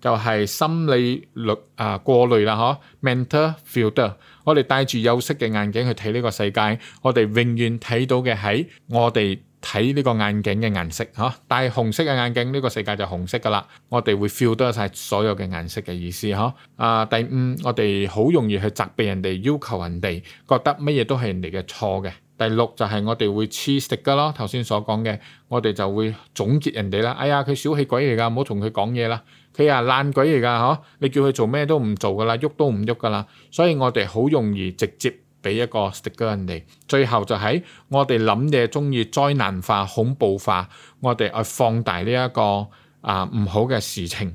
就係心理濾啊過濾啦，嚇，mental filter，我哋戴住有色嘅眼鏡去睇呢個世界，我哋永遠睇到嘅係我哋。睇呢個眼鏡嘅顏色，嚇、啊、戴紅色嘅眼鏡，呢、呢個世界就紅色噶啦。我哋會 feel 到晒所有嘅顏色嘅意思，嚇、啊。啊，第五，我哋好容易去責備人哋，要求人哋，覺得乜嘢都係人哋嘅錯嘅。第六就係我哋會黐食噶咯，頭先所講嘅，我哋就會總結人哋啦。哎呀，佢小氣鬼嚟噶，唔好同佢講嘢啦。佢啊爛鬼嚟噶，嚇你叫佢做咩都唔做噶啦，喐都唔喐噶啦。所以我哋好容易直接。俾一個 s 個食到人哋，最後就喺我哋諗嘢中意災難化、恐怖化，我哋去放大呢、這、一個啊唔好嘅事情。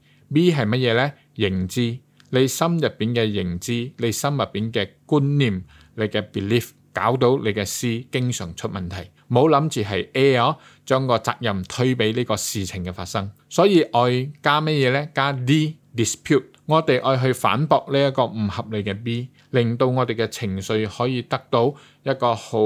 B 係乜嘢咧？認知，你心入邊嘅認知，你心入邊嘅觀念，你嘅 belief，搞到你嘅 C 經常出問題，冇諗住係 A 哦，將個責任推俾呢個事情嘅發生。所以愛加乜嘢咧？加 D Dispute，我哋愛去反駁呢一個唔合理嘅 B，令到我哋嘅情緒可以得到一個好。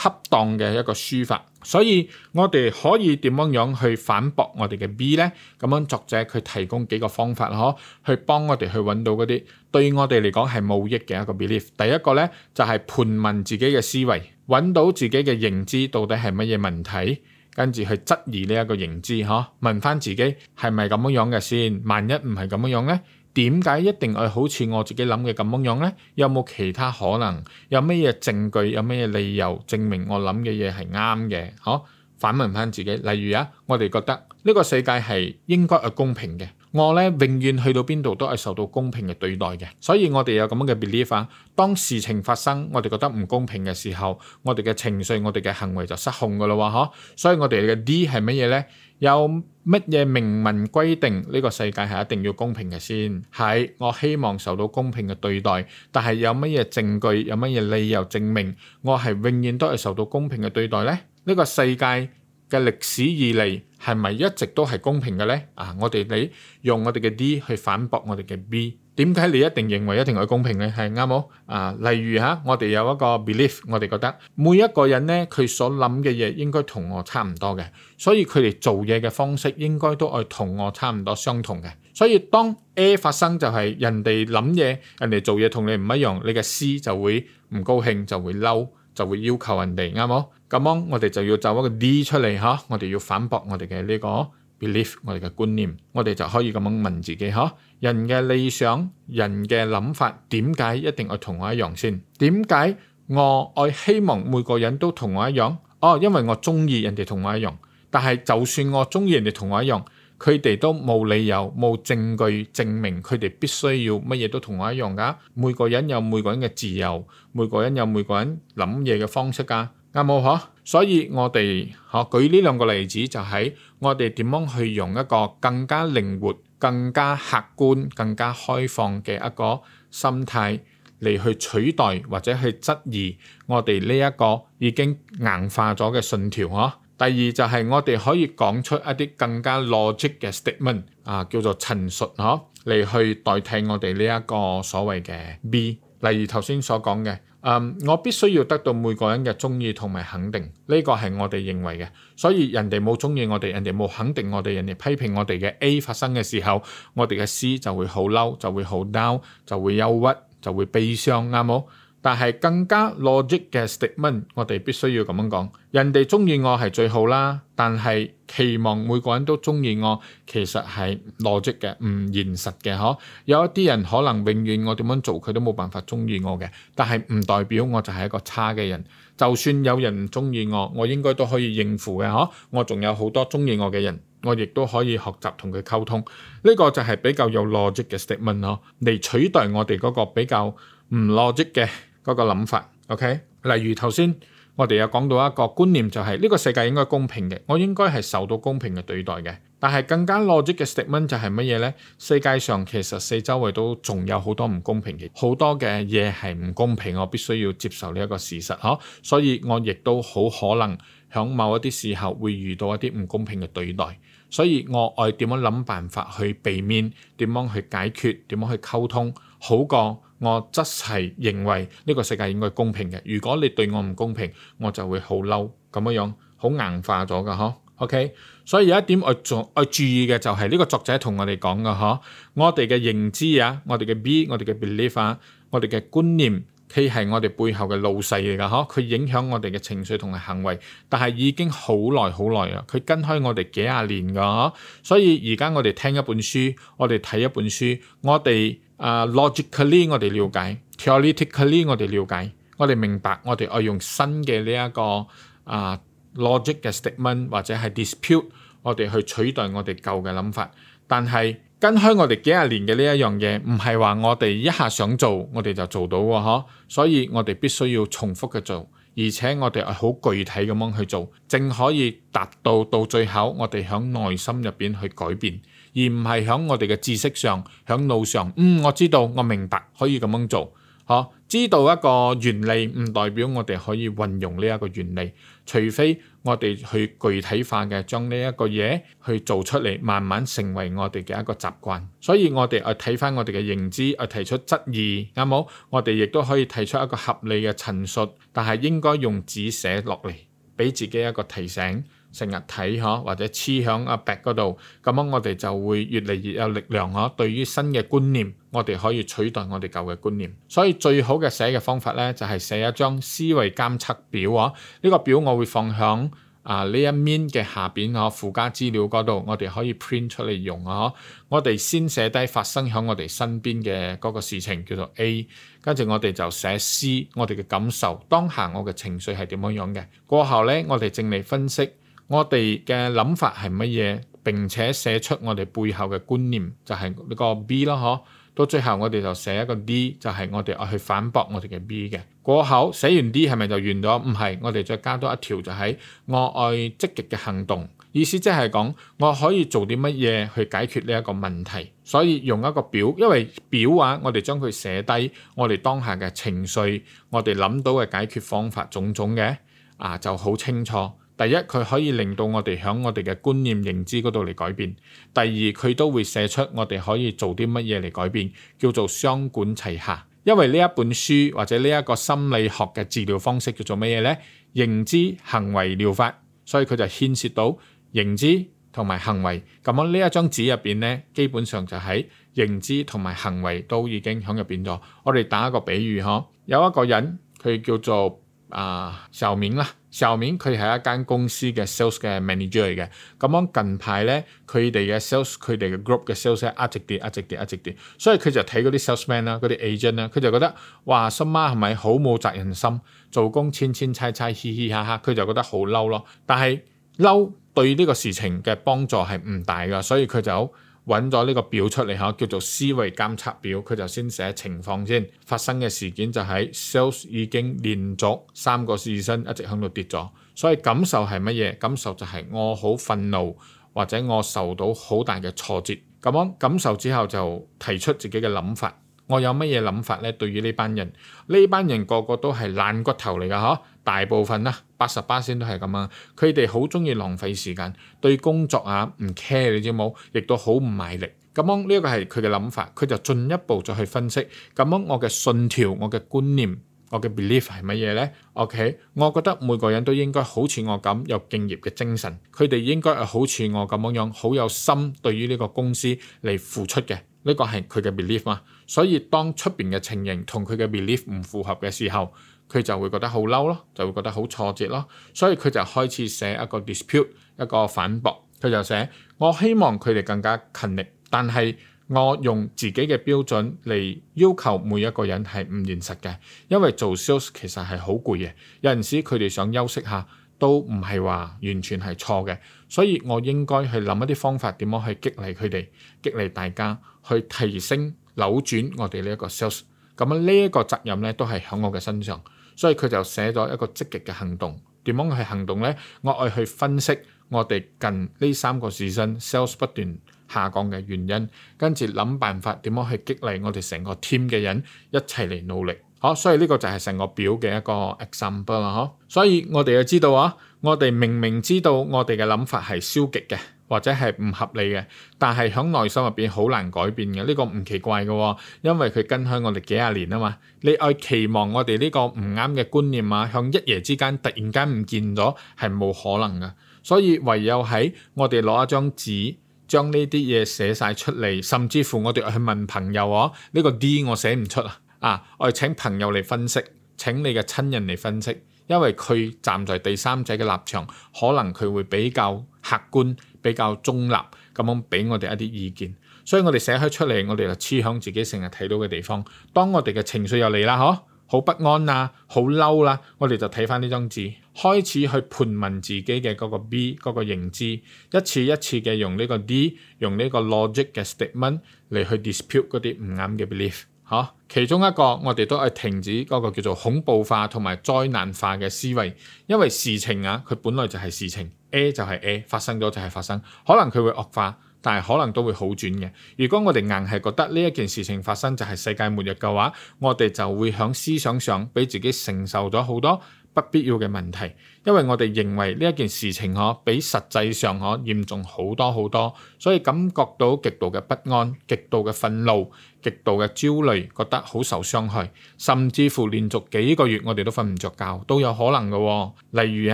恰當嘅一個說法，所以我哋可以點樣樣去反駁我哋嘅 B 呢？咁樣作者佢提供幾個方法咯，去幫我哋去揾到嗰啲對我哋嚟講係冇益嘅一個 belief。第一個呢就係盤問自己嘅思維，揾到自己嘅認知到底係乜嘢問題，跟住去質疑呢一個認知，吓問翻自己係咪咁樣樣嘅先？萬一唔係咁樣樣呢？點解一定係好似我自己諗嘅咁樣樣咧？有冇其他可能？有咩嘢證據？有咩嘢理由證明我諗嘅嘢係啱嘅？呵，反問返自己。例如啊，我哋覺得呢個世界係應該係公平嘅，我咧永遠去到邊度都係受到公平嘅對待嘅，所以我哋有咁樣嘅 belief 啊。當事情發生，我哋覺得唔公平嘅時候，我哋嘅情緒、我哋嘅行為就失控㗎喇喎，呵。所以我哋嘅 D 係乜嘢咧？有。乜嘢明文規定呢個世界係一定要公平嘅先？係我希望受到公平嘅對待，但係有乜嘢證據、有乜嘢理由證明我係永遠都係受到公平嘅對待咧？呢個世界嘅歷史以嚟係咪一直都係公平嘅咧？啊！我哋你用我哋嘅 D 去反駁我哋嘅 B。點解你一定認為一定係公平嘅？係啱冇啊？例如嚇，我哋有一個 belief，我哋覺得每一個人咧，佢所諗嘅嘢應該同我差唔多嘅，所以佢哋做嘢嘅方式應該都係同我差唔多相同嘅。所以當 A 發生就係人哋諗嘢、人哋做嘢同你唔一樣，你嘅 C 就會唔高興，就會嬲，就會要求人哋啱冇？咁樣我哋就要就一個 D 出嚟嚇，我哋要反駁我哋嘅呢個。believe 我哋嘅觀念，我哋就可以咁樣問自己：嗬，人嘅理想、人嘅諗法，點解一定要同我一樣先？點解我愛希望每個人都同我一樣？哦，因為我中意人哋同我一樣。但係就算我中意人哋同我一樣，佢哋都冇理由、冇證據證明佢哋必須要乜嘢都同我一樣噶。每個人有每個人嘅自由，每個人有每個人諗嘢嘅方式噶，啱冇嗬？所以我哋嚇、啊、舉呢兩個例子，就係我哋點樣去用一個更加靈活、更加客觀、更加開放嘅一個心態嚟去取代或者去質疑我哋呢一個已經硬化咗嘅信條嗬、啊。第二就係我哋可以講出一啲更加邏輯嘅 statement 啊，叫做陳述嗬，嚟、啊、去代替我哋呢一個所謂嘅 B。例如頭先所講嘅。Um, 我必須要得到每個人嘅中意同埋肯定，呢個係我哋認為嘅。所以人哋冇中意我哋，人哋冇肯定我哋，人哋批評我哋嘅 A 發生嘅時候，我哋嘅 C 就會好嬲，就會好 down，就會憂鬱，就會悲傷，啱冇？但係更加邏輯嘅 statement，我哋必須要咁樣講。人哋中意我係最好啦，但係期望每個人都中意我，其實係邏輯嘅，唔現實嘅。嗬，有一啲人可能永遠我點樣做佢都冇辦法中意我嘅，但係唔代表我就係一個差嘅人。就算有人唔中意我，我應該都可以應付嘅。嗬，我仲有好多中意我嘅人，我亦都可以學習同佢溝通。呢個就係比較有邏輯嘅 statement 嗬，嚟取代我哋嗰個比較唔邏輯嘅。嗰個諗法，OK？例如頭先我哋有講到一個觀念，就係呢個世界應該公平嘅，我應該係受到公平嘅對待嘅。但係更加邏輯嘅 statement 就係乜嘢呢？世界上其實四周圍都仲有好多唔公平嘅，好多嘅嘢係唔公平，我必須要接受呢一個事實，嗬。所以我亦都好可能響某一啲時候會遇到一啲唔公平嘅對待，所以我愛點樣諗辦法去避免，點樣去解決，點樣去溝通，好過。我則係認為呢個世界應該公平嘅。如果你對我唔公平，我就會好嬲咁樣，好硬化咗噶呵。OK，所以有一點我做我要注意嘅就係呢個作者同我哋講嘅呵。我哋嘅認知啊，我哋嘅 B，我哋嘅 belief，啊，我哋嘅觀念，佢係我哋背後嘅老細嚟噶呵。佢影響我哋嘅情緒同埋行為，但係已經好耐好耐啦。佢跟開我哋幾廿年噶。所以而家我哋聽一本書，我哋睇一本書，我哋。Uh, Logically 我哋了解，Theoretically 我哋了解，我哋明白，我哋愛用新嘅呢一個啊、uh, logic 嘅 statement 或者係 dispute，我哋去取代我哋舊嘅諗法。但係跟開我哋幾廿年嘅呢一樣嘢，唔係話我哋一下想做，我哋就做到嘅嗬。所以我哋必須要重複嘅做，而且我哋係好具體咁樣去做，正可以達到到最後我哋響內心入邊去改變。而唔係喺我哋嘅知識上，喺腦上，嗯，我知道，我明白，可以咁樣做，嗬。知道一個原理唔代表我哋可以運用呢一個原理，除非我哋去具體化嘅將呢一個嘢去做出嚟，慢慢成為我哋嘅一個習慣。所以我哋啊睇翻我哋嘅認知啊提出質疑，啱冇？我哋亦都可以提出一個合理嘅陳述，但係應該用紙寫落嚟，俾自己一個提醒。成日睇嗬，或者黐喺阿白嗰度，咁樣我哋就會越嚟越有力量嗬。對於新嘅觀念，我哋可以取代我哋舊嘅觀念。所以最好嘅寫嘅方法咧，就係寫一張思維監測表嗬。呢個表我會放喺啊呢一面嘅下邊嗬，附加資料嗰度，我哋可以 print 出嚟用啊嗬。我哋先寫低發生喺我哋身邊嘅嗰個事情叫做 A，跟住我哋就寫 C，我哋嘅感受，當下我嘅情緒係點樣樣嘅。過後咧，我哋正嚟分析。我哋嘅諗法係乜嘢？並且寫出我哋背後嘅觀念，就係呢個 B 咯，嗬。到最後我哋就寫一個 D，就係我哋去反駁我哋嘅 B 嘅過後，寫完 D 係咪就完咗？唔係，我哋再加多一條，就係我愛積極嘅行動。意思即係講我可以做啲乜嘢去解決呢一個問題。所以用一個表，因為表啊，我哋將佢寫低我哋當下嘅情緒，我哋諗到嘅解決方法種種嘅，啊就好清楚。第一，佢可以令到我哋響我哋嘅觀念認知嗰度嚟改變；第二，佢都會寫出我哋可以做啲乜嘢嚟改變，叫做雙管齊下。因為呢一本書或者呢一個心理學嘅治療方式叫做乜嘢呢？「認知行為療法」，所以佢就牽涉到認知同埋行為。咁喺呢一張紙入邊呢，基本上就係認知同埋行為都已經喺入邊咗。我哋打一個比喻，呵，有一個人佢叫做。啊，小、uh, 明啦，小明佢係一間公司嘅 sales 嘅 manager 嚟嘅。咁樣近排咧，佢哋嘅 sales，佢哋嘅 group 嘅 sales 一,一直跌，一直跌，一直跌。所以佢就睇嗰啲 salesman 啦、啊，嗰啲 agent 啦、啊，佢就覺得哇，心媽係咪好冇責任心，做工千千差差，嘻嘻哈哈，佢就覺得好嬲咯。但係嬲對呢個事情嘅幫助係唔大噶，所以佢就揾咗呢個表出嚟嚇，叫做思維監測表。佢就先寫情況先，發生嘅事件就係 Sales 已經連續三個 season 一直響度跌咗，所以感受係乜嘢？感受就係我好憤怒，或者我受到好大嘅挫折。咁樣感受之後就提出自己嘅諗法。我有乜嘢諗法呢？對於呢班人，呢班人個個都係懶骨頭嚟噶嚇，大部分啦。八十八巴先都係咁啊！佢哋好中意浪費時間，對工作啊唔 care 你知冇？亦都好唔賣力。咁樣呢個係佢嘅諗法，佢就進一步再去分析。咁樣我嘅信條、我嘅觀念、我嘅 belief 係乜嘢呢？OK，我覺得每個人都應該好似我咁有敬業嘅精神，佢哋應該係好似我咁樣樣好有心對於呢個公司嚟付出嘅。呢個係佢嘅 belief 嘛。所以當出邊嘅情形同佢嘅 belief 唔符合嘅時候，佢就會覺得好嬲咯，就會覺得好挫折咯，所以佢就開始寫一個 dispute，一個反駁。佢就寫：我希望佢哋更加勤力，但係我用自己嘅標準嚟要求每一個人係唔現實嘅，因為做 sales 其實係好攰嘅。有陣時佢哋想休息下都唔係話完全係錯嘅，所以我應該去諗一啲方法點樣去激勵佢哋，激勵大家去提升、扭轉我哋呢一個 sales。咁呢一個責任咧都係喺我嘅身上。所以佢就寫咗一個積極嘅行動，點樣去行動呢？我愛去分析我哋近呢三個時薪 sales 不斷下降嘅原因，跟住諗辦法點樣去激勵我哋成個 team 嘅人一齊嚟努力。好，所以呢個就係成個表嘅一個 example 啦，所以我哋要知道啊，我哋明明知道我哋嘅諗法係消極嘅。或者係唔合理嘅，但係喺內心入邊好難改變嘅。呢個唔奇怪嘅，哦，因為佢跟喺我哋幾廿年啊嘛。你愛期望我哋呢個唔啱嘅觀念啊，向一夜之間突然間唔見咗係冇可能嘅。所以唯有喺我哋攞一張紙，將呢啲嘢寫晒出嚟，甚至乎我哋去問朋友哦，呢個 D 我寫唔出啊，啊，我請朋友嚟分析，請你嘅親人嚟分析，因為佢站在第三者嘅立場，可能佢會比較客觀。比較中立咁樣俾我哋一啲意見，所以我哋寫開出嚟，我哋就黐喺自己成日睇到嘅地方。當我哋嘅情緒又嚟啦，嗬，好不安啊，好嬲啦，我哋就睇返呢張紙，開始去盤問自己嘅嗰個 B 嗰個認知，一次一次嘅用呢個 D，用呢個 logic 嘅 statement 嚟去 dispute 嗰啲唔啱嘅 belief。嚇，其中一個我哋都係停止嗰個叫做恐怖化同埋災難化嘅思維，因為事情啊，佢本來就係事情，A、呃、就係 A，呃、發生咗就係發生，可能佢會惡化，但係可能都會好轉嘅。如果我哋硬係覺得呢一件事情發生就係世界末日嘅話，我哋就會喺思想上俾自己承受咗好多不必要嘅問題。因為我哋認為呢一件事情可比實際上可嚴重好多好多，所以感覺到極度嘅不安、極度嘅憤怒、極度嘅焦慮，覺得好受傷害，甚至乎連續幾個月我哋都瞓唔着覺都有可能嘅喎。例如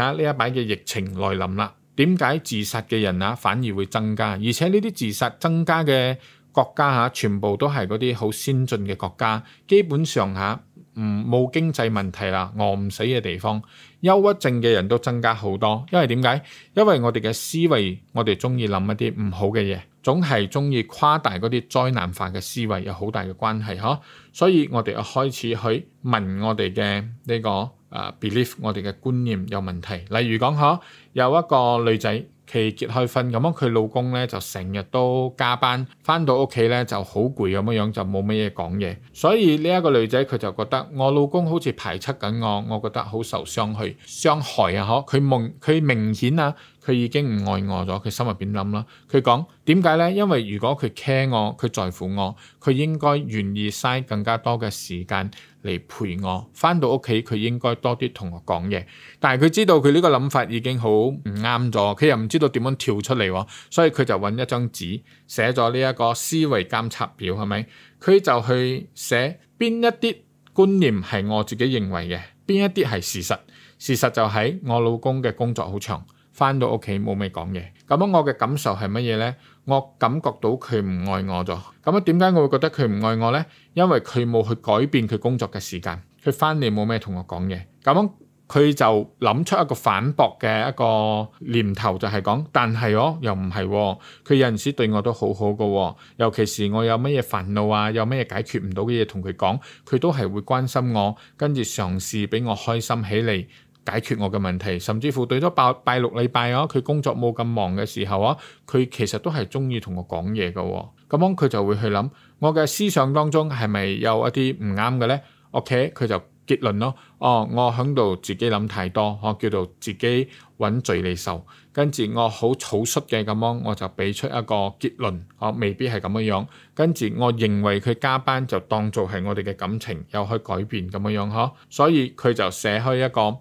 啊，呢一擺嘅疫情來臨啦，點解自殺嘅人啊反而會增加？而且呢啲自殺增加嘅國家嚇啊，全部都係嗰啲好先進嘅國家，基本上下啊。唔冇經濟問題啦，餓唔死嘅地方，憂鬱症嘅人都增加好多。因為點解？因為我哋嘅思維，我哋中意諗一啲唔好嘅嘢，總係中意誇大嗰啲災難化嘅思維，有好大嘅關係呵。所以我哋開始去問我哋嘅呢個、呃、belief，我哋嘅觀念有問題。例如講呵，有一個女仔。其結開婚咁樣，佢老公咧就成日都加班，翻到屋企咧就好攰咁樣，就冇乜嘢講嘢。所以呢一個女仔佢就覺得我老公好似排斥緊我，我覺得好受傷，傷害。傷害啊！嗬，佢明佢明顯啊，佢已經唔愛我咗。佢心入邊諗啦，佢講點解咧？因為如果佢 care 我，佢在乎我，佢應該願意嘥更加多嘅時間。嚟陪我翻到屋企，佢應該多啲同我講嘢。但係佢知道佢呢個諗法已經好唔啱咗，佢又唔知道點樣跳出嚟，所以佢就揾一張紙寫咗呢一個思維監察表，係咪？佢就去寫邊一啲觀念係我自己認為嘅，邊一啲係事實。事實就係我老公嘅工作好長。翻到屋企冇咩講嘢，咁樣我嘅感受係乜嘢呢？我感覺到佢唔愛我咗。咁樣點解我會覺得佢唔愛我呢？因為佢冇去改變佢工作嘅時間，佢翻嚟冇咩同我講嘢。咁佢就諗出一個反駁嘅一個念頭，就係講：但係哦，又唔係哦，佢有陣時對我都好好㗎哦，尤其是我有乜嘢煩惱啊，有乜嘢解決唔到嘅嘢同佢講，佢都係會關心我，跟住嘗試俾我開心起嚟。解決我嘅問題，甚至乎對咗拜拜六禮拜啊，佢工作冇咁忙嘅時候啊，佢其實都係中意同我講嘢嘅。咁、啊、樣佢就會去諗，我嘅思想當中係咪有一啲唔啱嘅咧？OK，佢就結論咯。哦、啊，我響度自己諗太多，我、啊、叫做自己搵罪嚟受。跟住我好草率嘅咁樣，我就俾出一個結論，我、啊、未必係咁樣樣。跟、啊、住我認為佢加班就當做係我哋嘅感情又去改變咁樣樣呵，所以佢就寫開一個。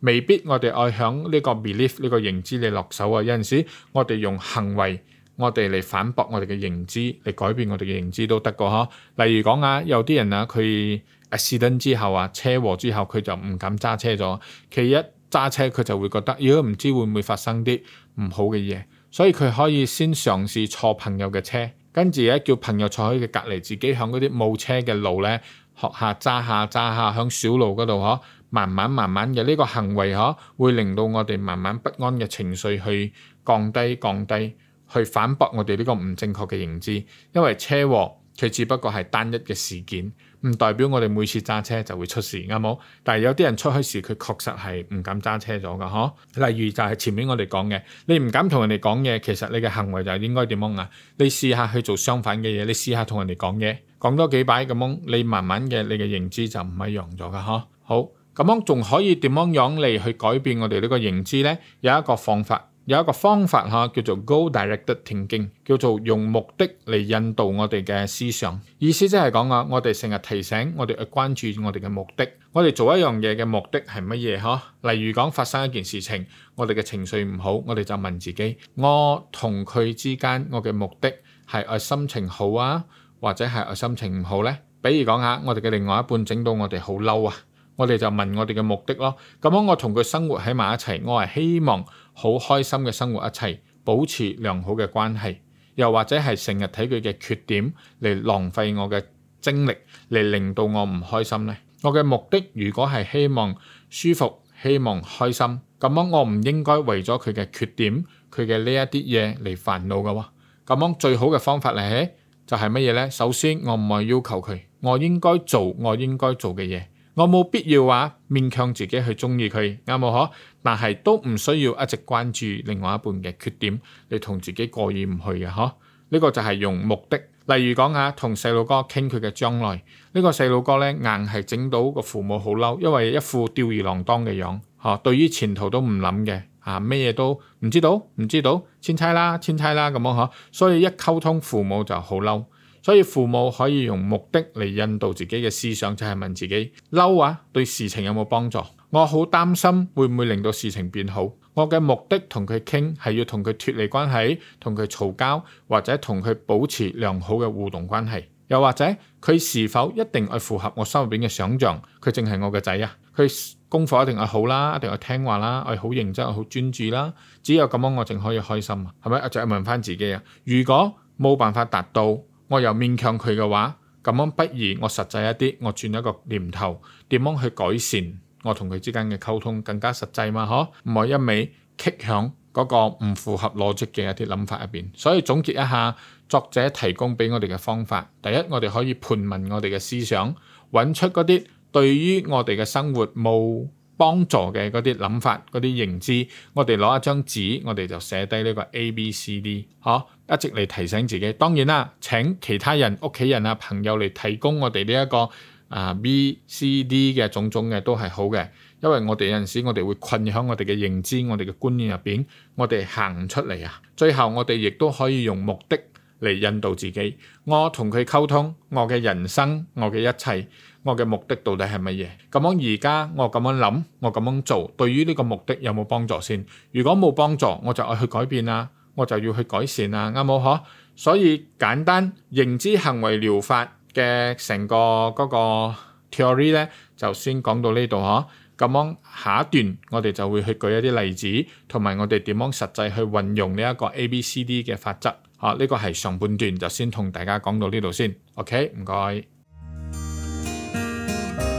未必我哋愛響呢個 belief 呢個認知你落手啊！有陣時我哋用行為，我哋嚟反駁我哋嘅認知，嚟改變我哋嘅認知都得個嗬。例如講啊，有啲人啊，佢 accident 之後啊，車禍之後佢就唔敢揸車咗。其一揸車佢就會覺得，如果唔知會唔會發生啲唔好嘅嘢，所以佢可以先嘗試坐朋友嘅車，跟住咧、啊、叫朋友坐喺佢隔籬，自己響嗰啲冇車嘅路咧學下揸下揸下，響小路嗰度嗬。慢慢慢慢嘅呢個行為呵，會令到我哋慢慢不安嘅情緒去降低、降低，去反駁我哋呢個唔正確嘅認知。因為車禍佢只不過係單一嘅事件，唔代表我哋每次揸車就會出事，啱冇？但係有啲人出去時，佢確實係唔敢揸車咗噶嗬，例如就係前面我哋講嘅，你唔敢同人哋講嘢，其實你嘅行為就應該點樣啊？你試下去做相反嘅嘢，你試下同人哋講嘢，講多幾擺咁樣，你慢慢嘅你嘅認知就唔一樣咗噶嗬，好。咁樣仲可以點樣樣嚟去改變我哋呢個認知呢？有一個方法，有一個方法嚇，叫做 goal-directedthinking，叫做用目的嚟引導我哋嘅思想。意思即係講啊，我哋成日提醒我哋去關注我哋嘅目的。我哋做一樣嘢嘅目的係乜嘢？嚇，例如講發生一件事情，我哋嘅情緒唔好，我哋就問自己：我同佢之間我嘅目的係我心情好啊，或者係我心情唔好呢？比如講下，我哋嘅另外一半整到我哋好嬲啊！我哋就問我哋嘅目的咯。咁樣我同佢生活喺埋一齊，我係希望好開心嘅生活一齊，保持良好嘅關係。又或者係成日睇佢嘅缺點嚟浪費我嘅精力，嚟令到我唔開心咧。我嘅目的如果係希望舒服、希望開心，咁樣我唔應該為咗佢嘅缺點、佢嘅呢一啲嘢嚟煩惱㗎喎。咁樣最好嘅方法嚟就係乜嘢咧？首先我唔係要求佢，我應該做我應該做嘅嘢。我冇必要話、啊、勉強自己去中意佢，啱冇嗬？但係都唔需要一直關注另外一半嘅缺點，你同自己過意唔去嘅嗬。呢、呢個就係用目的，例如講下、啊，同細路哥傾佢嘅將來。呢個、呢個細路哥咧硬係整到個父母好嬲，因為一副吊兒郎當嘅樣，嚇對於前途都唔諗嘅，嚇咩嘢都唔知道，唔知道，千差啦，千差啦咁樣嗬。所以一溝通，父母就好嬲。所以父母可以用目的嚟引導自己嘅思想，就係、是、問自己嬲啊，對事情有冇幫助？我好擔心會唔會令到事情變好？我嘅目的同佢傾，係要同佢脱離關係，同佢嘈交，或者同佢保持良好嘅互動關係，又或者佢是否一定係符合我心入邊嘅想象？佢正係我嘅仔啊，佢功課一定係好啦，一定係聽話啦，我好認真、好專注啦。只有咁樣，我淨可以開心啊，係咪？就問翻自己啊，如果冇辦法達到？我又勉強佢嘅話，咁樣不如我實際一啲，我轉一個念頭，點樣去改善我同佢之間嘅溝通更加實際嘛？嗬，唔可以一味棘響嗰個唔符合邏輯嘅一啲諗法入邊。所以總結一下，作者提供俾我哋嘅方法，第一我哋可以盤問我哋嘅思想，揾出嗰啲對於我哋嘅生活冇幫助嘅嗰啲諗法、嗰啲認知，我哋攞一張紙，我哋就寫低呢個 A、B、C、D，嗬，一直嚟提醒自己。當然啦，請其他人、屋企人啊、朋友嚟提供我哋呢一個啊 B、C、D 嘅種種嘅都係好嘅，因為我哋有陣時我哋會困喺我哋嘅認知、我哋嘅觀念入邊，我哋行唔出嚟啊。最後我哋亦都可以用目的嚟引導自己。我同佢溝通，我嘅人生，我嘅一切。我嘅目的到底係乜嘢？咁樣而家我咁樣諗，我咁樣做，對於呢個目的有冇幫助先？如果冇幫助，我就去改變啦，我就要去改善啦，啱唔好嗬？所以簡單認知行為療法嘅成個嗰個 theory 咧，就先講到呢度嗬。咁樣下一段我哋就會去舉一啲例子，同埋我哋點樣實際去運用呢一個 A、B、C、D 嘅法則。啊，呢個係上半段就先同大家講到呢度先。OK，唔該。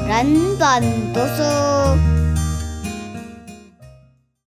人本讀書。